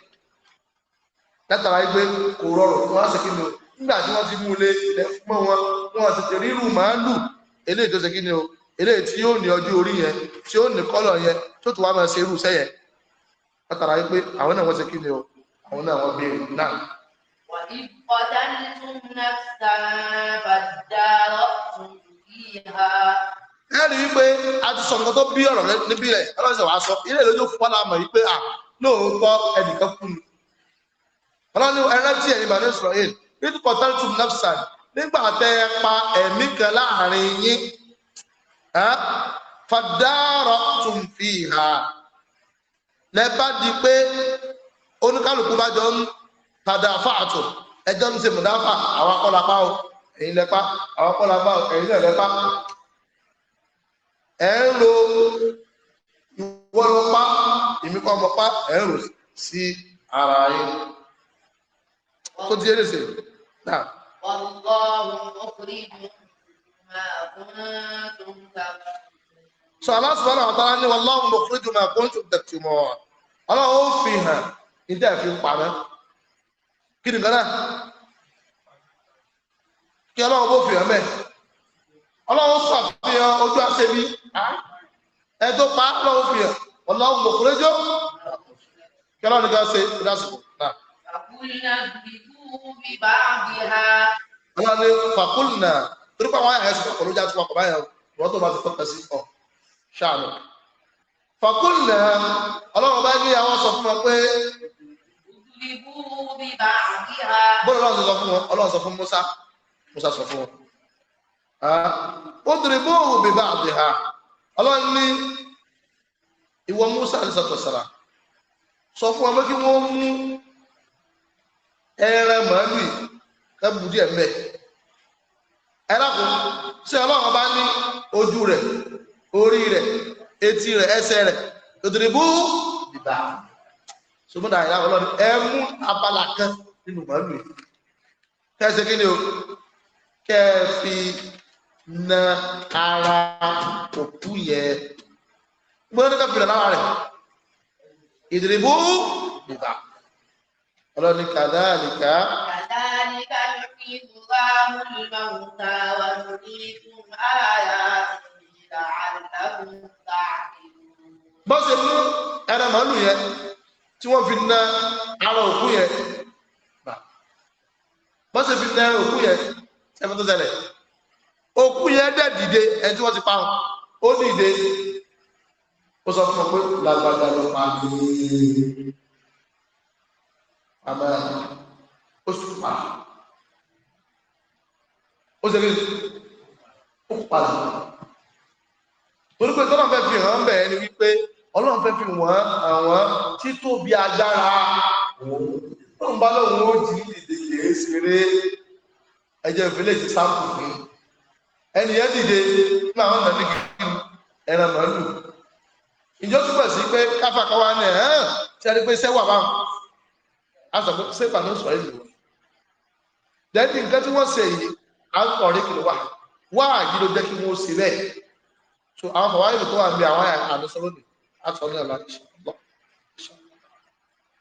látara ẹgbẹ́ kò rọrùn nígbà tí wọ́n ti mú lé ilẹ̀ mọ́ wọn wọ́n tètè rírù màálù eléyìí tó ṣe kí ni o eléyìí tí yóò ní ọjọ́ orí yẹn tí yóò ní kọ́lọ̀ yẹn tó tún wá máa ṣe irú sẹ́yẹ látara wípé àwọn náà wọ́n ṣe kí ni o àwọn náà wọ́n béèrè e náà. وَإِذْ قَتَلْتُمْ نَفْسًا فَادَّارَأْتُمْ فِيهَا ẹ̀rí wípé a ti sọ nǹkan tó bí ọ̀rọ̀ níbí rẹ̀ ọlọ́sẹ̀ wàá sọ ilé ìlójú fún wọn àmọ̀ wípé à lóòótọ́ ẹnìkan kú ni ọlọ́ni ẹ̀rẹ́ it kọtẹ́tù nafsan nígbà tẹ́ ẹ pa ẹ̀mí kan láàrin yín fàdárọ̀ tún fi hà lẹ́bá di pé oníkálukú bá jọ ń padà fáàtò ẹjọ́ ń ṣe mùdáfà àwọn akọ́lápá o èyí lẹ́pá àwọn akọ́lápá o èyí lẹ́pá ẹ̀ ń lo wọ́lọ́pá ìmíkọ́mọpá ẹ̀ ń rò sí ara yín tó ti yé lè ṣe. نعم والله مخرج ما كنتم تكتمون so Allah subhanahu wa ta'ala ni wallahu mukhrijum ma kuntum taktumun ọlọ́run فيها fi hàn níta ẹ̀ fi ń pamẹ́ kí ni gánà kí ọlọ́run bó fi hàn mẹ́ ọlọ́run sọ àfihàn ojú àṣẹbí ẹ tó pa ọlọ́run fi hàn wallahu mukhrijum kí ọlọ́run ní ká ṣe ìdásùkò náà. àkúrẹ́ náà bí ọlọ́run ní fàkúlùnà torí pé àwọn àyẹ̀sí pọ̀pọ̀ ló já tó papọ̀ báyẹn wọ́n tó bá ti tọ́ka sí ọ̀ ṣáàlù fàkúlùnà ọlọ́run bá ní àwọn sọ fún wọn pé bọ́ọ̀lù ọlọ́run sọ fún wọn ọlọ́run sọ fún Musa Musa sọ fún wọn ó dìrì bóòwù bíbá àdìhà ọlọ́run ní ìwọ Musa àdìsàtọ̀ sàrà sọ fún wọn pé kí wọ́n mú ẹran màálù ẹbù díẹ̀ mbẹ ẹlẹ́kùn ṣé ọlọ́run bá ní ojú rẹ̀ orí rẹ̀ etí rẹ̀ ẹsẹ̀ rẹ̀ òdìrìbú bìbá sọmọdà ìyá ọlọ́run ẹ mú abala kan nínú màálù yìí kẹsẹ̀ kí ni o kẹ́ fi na ara òkú yẹ gbọ́dọ̀ ká fìlà lára rẹ̀ ìdìrìbú bìbá ọlọ́ni kàdáàlìkà. kàdáàlìkà ló fi ìtura múlùmá òǹkà wà lórí fún àyà ìlà àdàbùnkà. bọ́sẹ̀ mú ẹran màálù yẹn tí wọ́n fi na ara òkú yẹn bọ́sẹ̀ fi na òkú yẹn ẹ̀fọ́ tó ṣẹlẹ̀ òkú yẹn dẹ̀ dìde ẹni tí wọ́n ti pa ọ́n ó dìde ó sọ fún ọ pé làgbàgbà ló pa á àmọ́ ó sì pa ó ṣe kí ó padà torí pé tọ́lọ́ fẹ́ fi hàn bẹ́ẹ̀ ni wípé ọlọ́run fẹ́ fi wọ́n àwọn títóbi agbára òun bá lóun ó jí dìde kìí ṣeré ẹjẹ village sáàpù fún ẹni yẹn dìde náà wọn nàbí kìí ẹran màálù ìjọ túbọ̀ sí pé káfàkáwá ni ẹ̀ ṣe é rí pé iṣẹ́ wà báwọn azọ pé ṣé ìbànú sọ̀rọ̀ ìlú dẹ́ẹ̀tì nǹkan tí wọ́n ṣe yìí à ń sọ̀rọ̀ ìkìlọ̀ wà wá àyí ló jẹ́ kí wọ́n ṣe bẹ́ẹ̀ so àwọn bàbá ìlú tó wà níbi àwọn àlùsọ lónìí àtọ̀ ní ọ̀la ìṣẹ̀lọ́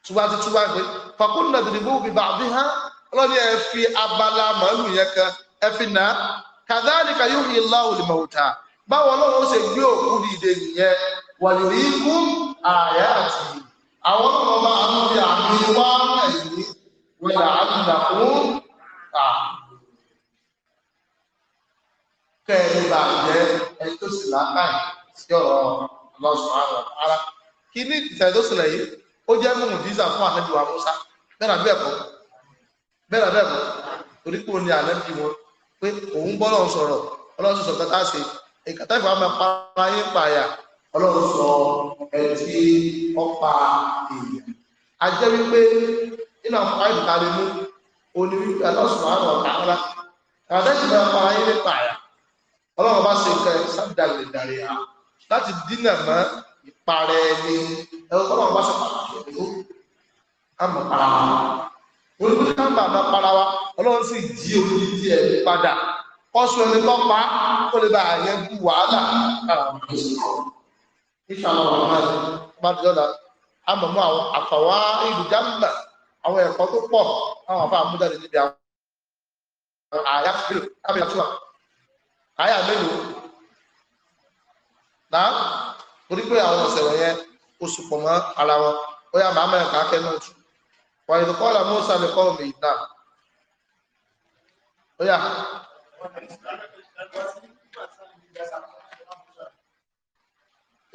tuba ti tuba pé fakún náà ti dìbò bíbá àbí hàn ọlọ́ni ẹ fi abala màálù yẹn kan ẹ fi nà á kàdáàlì kà yóò yìí láwùl màwùtà báwo ọlọ́run ó ṣe gbé òkú dìde àwọn ọmọ bá àwọn fi àmì wá ẹ̀yìn wẹ̀dà àdìdà fún à kẹ́ẹ̀lú bá jẹ́ ẹni tó sì lákàì sí ọ̀rọ̀ lọ́sùn àwọn ará kí ní ìtẹ̀lẹ́ tó sílẹ̀ yìí ó jẹ́ mú mùjíza fún ànábì wa Mùsá bẹ́ẹ̀ bẹ́ẹ̀ kọ́ bẹ́ẹ̀ bẹ́ẹ̀ kọ́ torí kúrò ní ànábì wọn pé òun bọ́lọ̀ sọ̀rọ̀ ọlọ́sùn sọ̀tọ́ tá a ṣe ìkàtà ìfowópamọ́ pa ayé pààyà ọlọ́run sọ ẹtí ọpa èèyàn a jẹ́ wípé nínú àpá ìtàlẹ̀ mú òní wípé alọ́sùn àwọn ọ̀tá ńlá àdéhùn náà pa ayé nípa àyà ọlọ́run bá ṣe nǹkan sábìdàgbè dàrí ha láti dínà mọ́ ìparẹ́ ẹni ẹ̀rọ ọlọ́run bá ṣe pàtàkì ìlú àmọ̀ para wa olùkọ́ nàmbà máa para wa ọlọ́run sì jí omi tí ẹ̀ padà ọ̀sùn ẹni lọ́pàá ó lè bá àyẹ̀kú wàhálà kára wọn ìṣàlọ rahman bá ti lọ́la a mọ̀ mọ́ àwọn àfàwà ìdùjámbà àwọn ẹ̀kọ́ tó pọ̀ àwọn àfà àmújáde níbi àwọn àyà fílò kábíyà túwà àyà mélòó náà torí pé àwọn ọ̀sẹ̀ wọ̀nyẹn ó sùpọ̀ mọ́ ara wọn ó yà máa mẹ́rin káàkẹ́ náà tù wà ìdókọ́lá mọ́sá lè kọ́ omi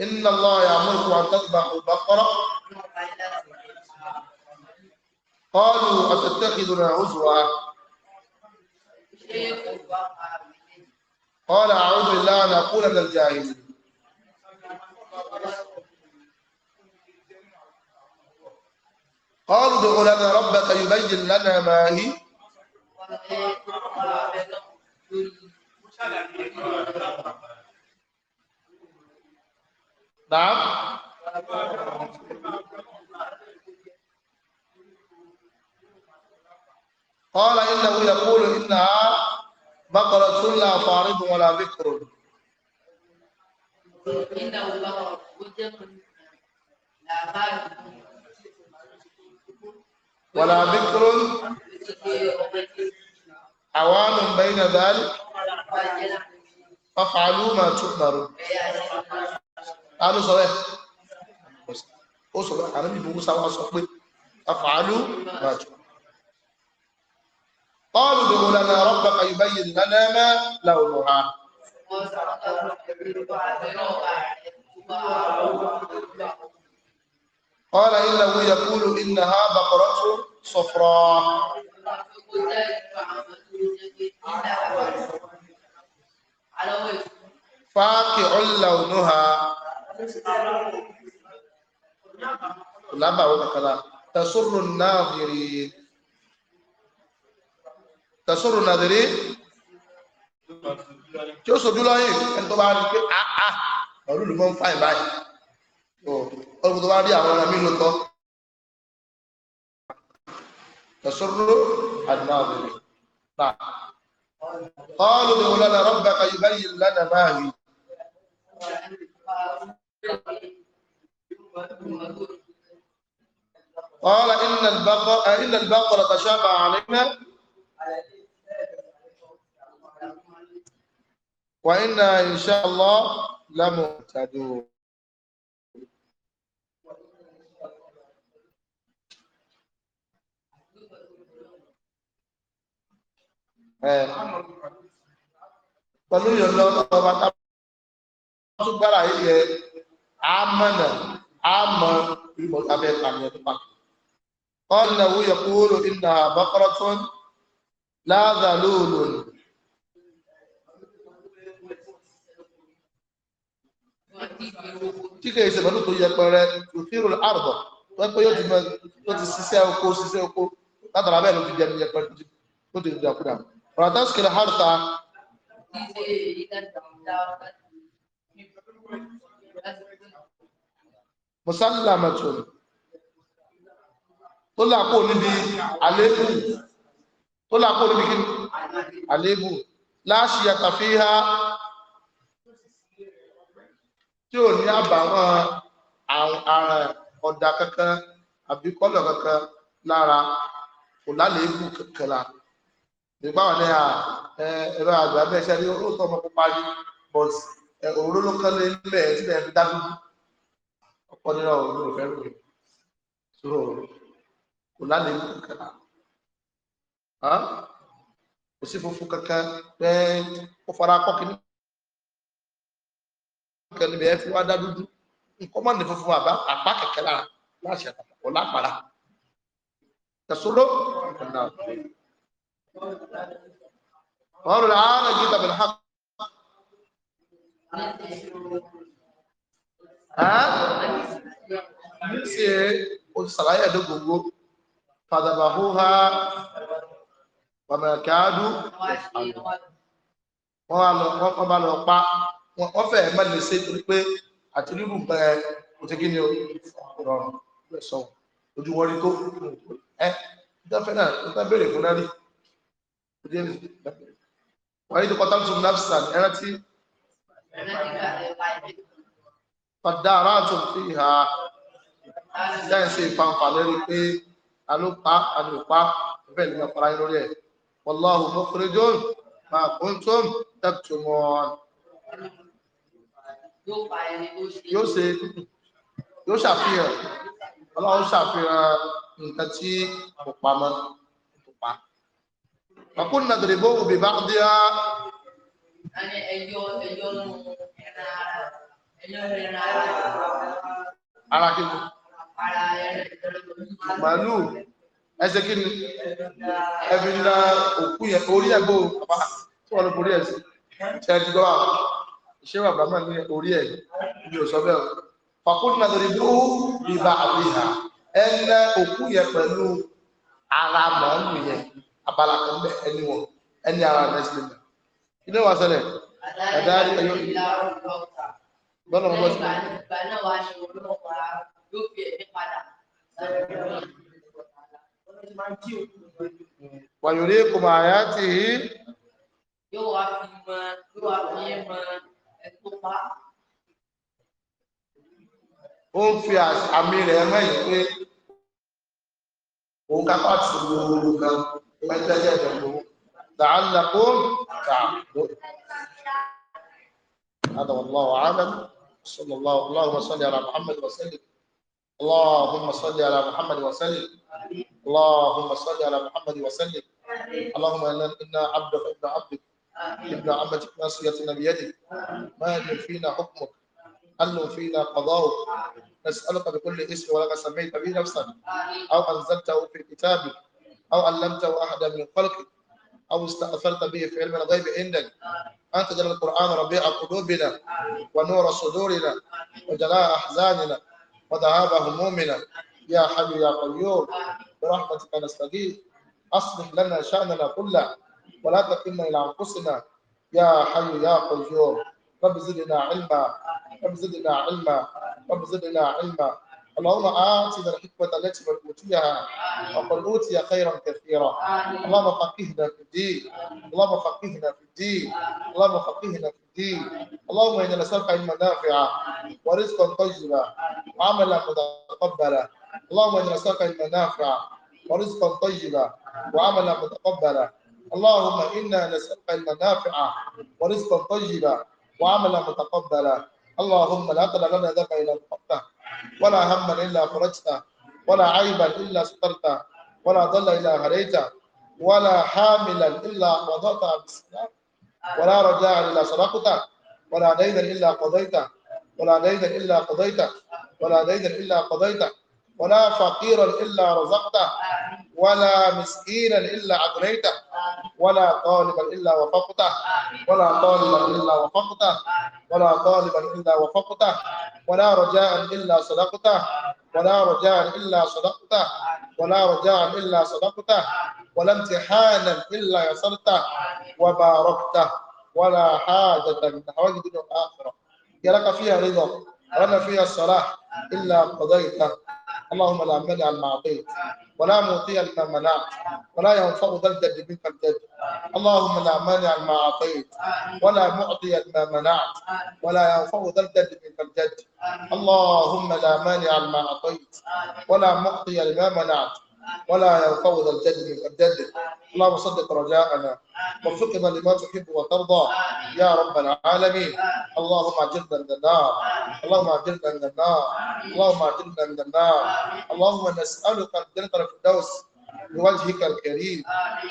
إن الله يأمركم أن تذبحوا بقرة قالوا أتتخذنا عزوا قال أعوذ بالله أن أقول من قال قالوا ادع لنا ربك يبين لنا ما هي náà. قال إنه يقول إنها بقرة لا فارض ولا بكر إنه بقرة ولا بكر عوام بين ذلك فافعلوا ما تؤمرون قالوا ló sọ bẹ́ẹ̀ ó sọ bẹ́ẹ̀ àrẹ́bí أفعلوا ما sọ pé قالوا ادع لنا ربك يبين لنا ما لونها قال إنه يقول إنها بقرة صفراء فاقع لونها lábà àwọn kàkàlà tàṣọ́rọ̀ náà rèrè tàṣọ́rọ̀ náà rèrè tí ó sojú lọ́yìn ẹni tó bá rí pé àá ọ̀rú ló mọ́ ń fà ìbáyìí ọ̀rùn tó bá rí àwọn ọmọ inú tọ́ tàṣọ́rọ̀ náà rèrè náà قالوا لنا ربك يبين لنا ما هي قال إن البقرة إن البقرة تشابه علينا وإنا إن شاء الله لمهتدون pẹ̀lú ìyọ̀lọ́ ọba tá a gbára yìí yẹ àmọ̀nà àmọ̀ ìmọ̀ abẹ́ àmì ẹ̀dùn pàtó. قال له يقول إنها بقرة لا ذلول kíkẹ́ ìṣẹ̀lẹ̀ tó yẹpẹrẹ tòfírò àrùbọ̀ tó ẹ́ pé yóò ti mọ tó ti ṣiṣẹ́ oko ṣiṣẹ́ oko látara bẹ́ẹ̀ ló ti jẹun yẹpẹrẹ tó ti dà kúrà rataskele harta musallamatun tó làkó níbi àlébù tó làkó níbi kí àlébù láṣíyàtà fi ha tí ò ni àbàwọn àrùn ọ̀dà kankan àbí kọ́lọ̀ kankan lára kò lálébù kankan lára ìgbà wọn ni ẹ̀rọ àgbà bẹ́ẹ̀ ṣe rí ó tọ́ ọmọ pupa ní bọ́ọ̀sì òróró ló kán lé nílẹ̀ ẹ̀ sílẹ̀ fi dá dúdú wọ́n ní náà olóòrò fẹ́ ròyìn so kò lálẹ́ kankan náà kò sí funfun kankan pé ó fara kọ́ kí ní kankan níbi ẹ fi wá dá dúdú nǹkan má ní funfun àbá àpá kẹ̀kẹ́ lára láṣẹ àpapọ̀ lápara tẹ̀sọ́rọ́ nǹkan náà wọ́n rọra ààrẹ jíta ní ṣe òṣìṣàlàyé ẹ̀dógógó fàdàbàhúhá pàmẹ̀kàádú wọ́n bá lọ pa wọ́n fẹ́ mẹ́lẹ̀ sí torí pé àti rírù bẹ̀rẹ̀ òtíkí ni rọrùn sọ ojú wọ́n rí tó ẹ́ ìdáfẹ́ náà ló tán bèèrè fún náà rí wọ́n yí tó kọ́tà tún náà sàn ẹ̀rántí fàdárà tó fi hà ìyá ẹ̀ ń ṣe ìfàǹfà lórí pé alópa alópa bẹ́ẹ̀ ni wọ́n para yín lórí wallahu mukhrijun ma kuntum taktumun. yóò ṣe yóò ṣàfihàn ọlọ́run ṣàfihàn nǹkan tí kò pamọ́ kò pa. Bàkún náà dèrè bó wù bí bá ara kí ni màálù ẹsẹ̀ kí ni ẹbí ńlá òkú yẹn orí ẹgbó àbá tí wọ́n lọ borí ẹ̀ sí ṣe ẹ ti gbọ́ àwọn ìṣẹ́wà bàmá ní orí ẹ̀ ní òsọ bẹ́ẹ̀ fàkúnnà lórí bú bíbá àbíhà ẹnlẹ òkú yẹn pẹ̀lú ara màálù yẹn abala kan bẹ ẹni wọn ẹni ara nẹsìlẹ ilé wa ṣẹlẹ̀ ẹ̀dá ẹyọ bọ́lá wọn bọ́ sí. ìgbà náà wàá ṣe olóhùn wa yóò fi ẹ̀mí padà. wàyòrè kò máa yá tì í. yóò wá fi mọ yóò wá fi yẹn mọ ẹ̀tọ́ pa. ó ń fi àmì rẹ̀ mẹ́yìn pé òun kápá tù ú ooru kan mẹ́tẹ́jẹ́ ìdọ̀gbọ̀n. لعلكم تعقلون هذا والله اعلم صلى الله اللهم صل على محمد وسلم اللهم صل على محمد وسلم اللهم صل على محمد وسلم اللهم انا عبدك ابن عبدك ابن عمتك ناصيتنا بيدك ما فينا حكمك حل فينا قضاؤك نسألك بكل اسم ولك سميت به نفسا أو أنزلته في كتابك أو علمته أحدا من خلقك أو استأثرت به في علم الغيب عندك أن تجعل القرآن ربيع قلوبنا ونور صدورنا وجلاء أحزاننا وذهاب همومنا يا حي يا قيوم برحمتك نستغيث أصلح لنا شأننا كله ولا تكلنا إلى أنفسنا يا حي يا قيوم رب زدنا علما رب زدنا علما رب زدنا علما اللهم اعطنا الحكمة التي من أوتيها وقد أوتي خيرا كثيرا اللهم فقهنا في الدين اللهم فقهنا في الدين اللهم فقهنا في الدين اللهم إنا نسألك علما نافعا ورزقا طيبا وعملا متقبلا اللهم إنا نسألك علما نافعا ورزقا طيبا وعملا متقبلا اللهم إنا نسألك علما نافعا ورزقا طيبا وعملا متقبلا اللهم لا تدع لنا ذنبا إلا غفرته ولا هما إلا فرجته ولا عيبا إلا سترته ولا ضل إلا هديته ولا حاملا إلا وضعته بالسلام ولا رجاء إلا سرقته ولا دينا إلا قضيته ولا دينا إلا قضيته ولا دينا إلا قضيته ولا فقيرا إلا رزقته ولا مسكينا إلا أغنيته ولا طالبا إلا وفقته ولا طالبا إلا وفقته ولا طالبا إلا وفقته ولا رجاء إلا صدقته ولا رجاء إلا صدقته ولا رجاء إلا صدقته ولا امتحانا إلا يسرته وباركته ولا حاجة من حوائج الدنيا والآخرة يلقى فيها رضا ولنا فيها الصلاح إلا قضيته اللهم لا مانع لما أعطيت ولا معطي لما منعت ولا ينفع ذا الجد منك الجد اللهم لا مانع لما أعطيت ولا معطي لما منعت ولا ينفع ذا الجد منك الجد اللهم لا مانع لما أعطيت ولا معطي لما منعت ولا يفوض الجد من الجد اللهم صدق رجاءنا وفقنا لما تحب وترضى يا رب العالمين اللهم اجرنا من النار اللهم اجرنا من النار اللهم اجرنا من النار اللهم نسالك الجنه الفردوس بوجهك الكريم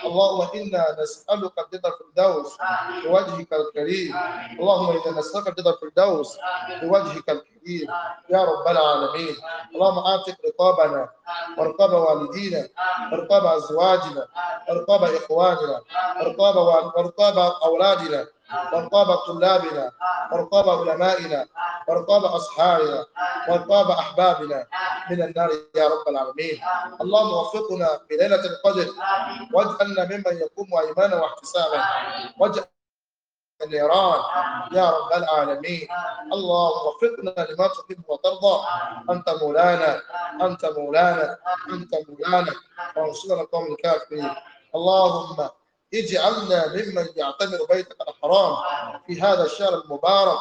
اللهم إنا نسألك رضا الفردوس بوجهك الكريم اللهم إنا نسألك رضا الفردوس بوجهك الكريم يا رب العالمين اللهم أعتق رقابنا ورقاب والدينا ورقاب أزواجنا ورقاب إخواننا ورقاب أولادنا وارقاب طلابنا وارقاب علمائنا وارقاب أصحابنا وارقاب أحبابنا من النار يا رب العالمين اللهم وفقنا في ليلة القدر واجعلنا ممن يقوم إيمانا واحتسابا واجعل النيران يا رب العالمين اللهم وفقنا لما تحب وترضى انت مولانا انت مولانا انت مولانا وانصرنا القوم الكافرين اللهم اجعلنا ممن يعتمر بيتك الحرام في هذا الشهر المبارك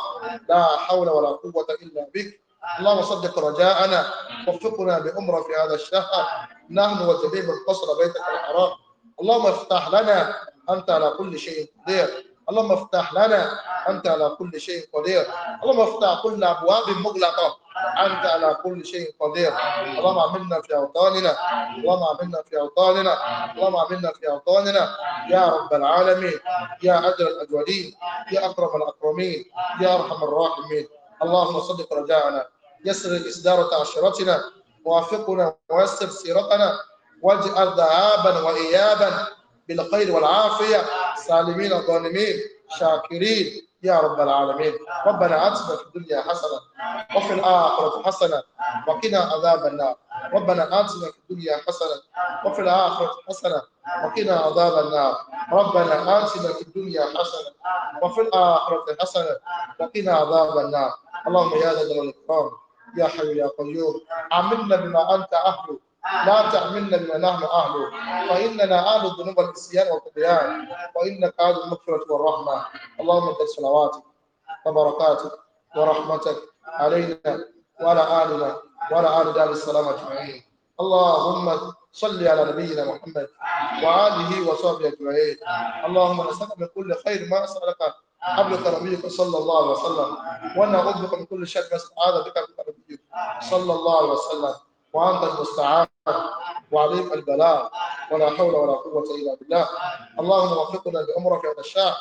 لا حول ولا قوة إلا بك اللهم صدق رجاءنا وفقنا بأمرة في هذا الشهر نحن وجميع من قصر بيتك الحرام اللهم افتح لنا أنت على كل شيء قدير اللهم افتح لنا أنت على كل شيء قدير اللهم افتح كل أبواب مغلقة أنت على كل شيء قدير اللهم عملنا في أوطاننا اللهم عملنا في أوطاننا اللهم عملنا في أوطاننا يا رب العالمين يا اجر الأجودين يا أكرم الأكرمين يا أرحم الراحمين اللهم صدق رجاءنا يسر إصدار تعشيرتنا وافقنا ويسر سيرتنا واجعل ذهابا وإيابا بالخير والعافية سالمين وظالمين شاكرين يا رب العالمين ربنا اتنا في الدنيا حسنه وفي الاخره حسنه وقنا عذاب النار ربنا اتنا في الدنيا حسنه وفي الاخره حسنه وقنا عذاب النار ربنا اتنا في الدنيا حسنه وفي الاخره حسنه وقنا عذاب النار اللهم يا ذا الاكرام يا حي يا قيوم عملنا بما انت اهله لا تحملنا بما نحن اهله فاننا اهل الذنوب والعصيان والطغيان وانك اهل المغفره والرحمه اللهم انت صلواتك وبركاتك ورحمتك علينا وعلى اهلنا وعلى اهل دار السلام اجمعين اللهم صل على نبينا محمد وآله وصحبه أجمعين اللهم نسألك من كل خير ما أسألك قبلك نبيك صلى الله عليه وسلم وأنا بك من كل شر ما استعاذ بك نبيك صلى الله عليه وسلم وأنت المستعان وعليك البلاء ولا حول ولا قوة إلا بالله اللهم وفقنا بأمرك يا الشاء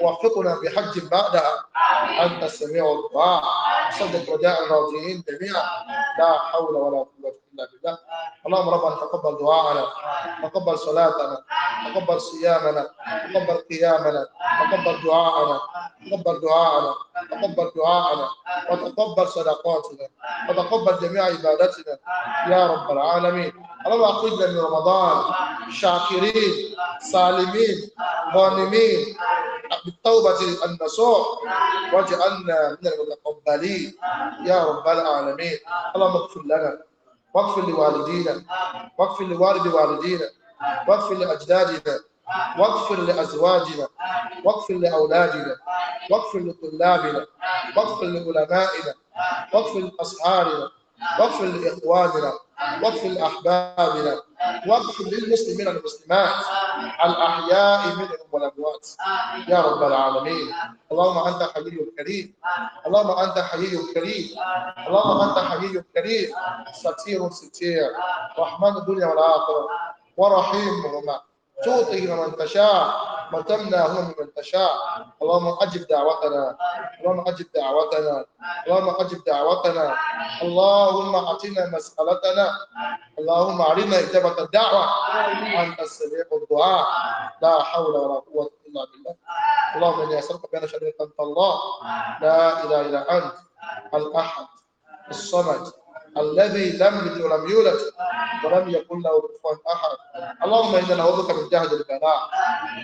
وفقنا بحج بعدها أنت السميع الدعاء صدق رجاء الراجعين جميعا لا حول ولا قوة الحمد لله اللهم ربنا تقبل دعاءنا تقبل صلاتنا تقبل صيامنا تقبل قيامنا تقبل دعاءنا تقبل دعاءنا تقبل دعاءنا وتقبل صدقاتنا وتقبل جميع عبادتنا يا رب العالمين اللهم اخرجنا من رمضان شاكرين سالمين غانمين بالتوبة النصوح واجعلنا من المتقبلين يا رب العالمين اللهم اغفر لنا واغفر لوالدينا واغفر لوالد والدينا واغفر لأجدادنا واغفر لأزواجنا واغفر لأولادنا واغفر لطلابنا واغفر لعلمائنا واغفر لأصحابنا واغفر لإخواننا واغفر لأحبابنا واغفر للمسلمين والمسلمات الأحياء منهم والأموات يا رب العالمين اللهم أنت حي كريم اللهم أنت حي كريم اللهم أنت حي كريم ستير ستير رحمن الدنيا والآخرة ورحيمهما تعطي من تشاء هم من تشاء اللهم اجب دعوتنا اللهم اجب دعوتنا اللهم اجب دعوتنا اللهم اعطنا مسالتنا اللهم علمنا اجابه الدعوه انت السميع الدعاء لا حول ولا قوه الا بالله اللهم اني اسالك بان شريك انت الله لا اله الا انت الاحد الصمد الذي لم يلد ولم يولد ولم يكن له كفوا احد اللهم انا نعوذ بك من جهد البلاء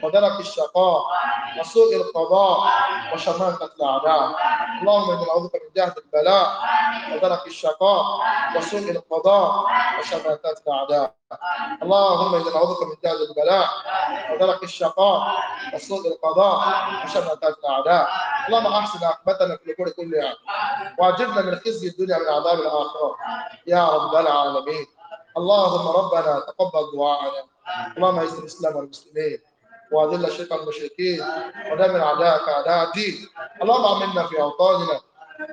ودرك الشقاء وسوء القضاء وشماتة الاعداء اللهم انا نعوذ بك من جهد البلاء ودرك الشقاء وسوء القضاء وشماتة الاعداء اللهم إنا نعوذ من تاج البلاء ودرك الشقاء وسوء القضاء وشر الأعداء اللهم أحسن عاقبتنا في الأمور كلها وأجرنا من خزي الدنيا من عذاب الآخرة يا رب العالمين اللهم ربنا تقبل دعاءنا اللهم يسر الإسلام والمسلمين وأذل شرك المشركين ودمر أعداءك أعداء الدين اللهم آمنا في أوطاننا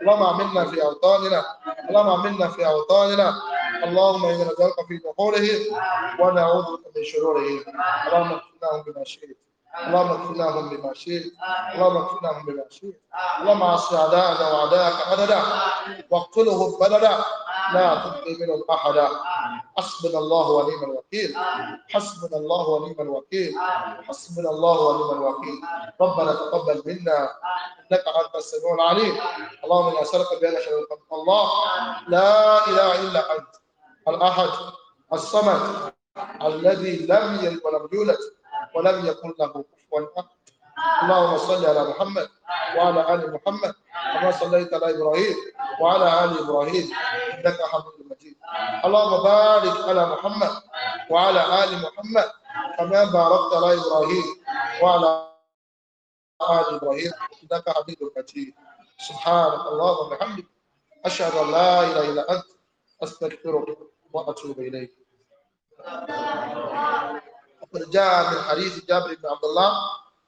اللهم آمنا في أوطاننا اللهم آمنا في أوطاننا اللهم إنا نسألك في ظهوره ونعوذ بك من شروره اللهم اكفناهم بما شئت اللهم اكفناهم بما شئت اللهم اكفناهم بما شئت اللهم اعص اعداءنا واعداءك عددا وقلهم بددا لا تبقي منهم احدا حسبنا الله ونعم الوكيل حسبنا الله ونعم الوكيل حسبنا الله ونعم الوكيل ربنا تقبل منا انك انت السميع العليم اللهم انا اسالك بان شر الله لا اله الا انت الأحد الصمد الذي لم يلد ولم يولد ولم يكن له كفوا أحد اللهم صل على محمد وعلى آل محمد كما صليت على إبراهيم وعلى آل إبراهيم إنك حميد مجيد اللهم بارك على محمد وعلى آل محمد كما باركت على إبراهيم وعلى آل إبراهيم إنك حميد مجيد سبحانك اللهم وبحمدك أشهد أن لا إله إلا أنت أستغفرك وأتوب إليك وقد جاء من حديث جابر بن عبد الله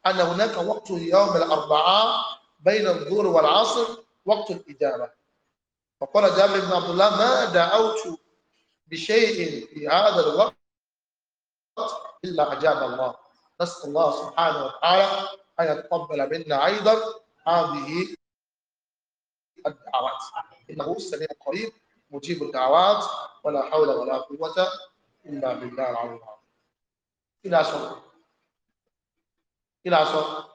أن هناك وقت يوم الأربعاء بين الظهر والعصر وقت الإجابة فقال جابر بن عبد الله ما دعوت بشيء في هذا الوقت إلا أجاب الله نسأل الله سبحانه وتعالى أن يتقبل منا أيضا هذه الدعوات إنه سميع قريب مجيب الدعوات ولا حول ولا قوة إلا بالله العلي العظيم إلى صوت إلى صوت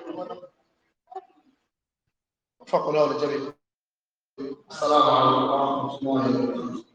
Thank you. وفق الله للجميع السلام عليكم ورحمه الله وبركاته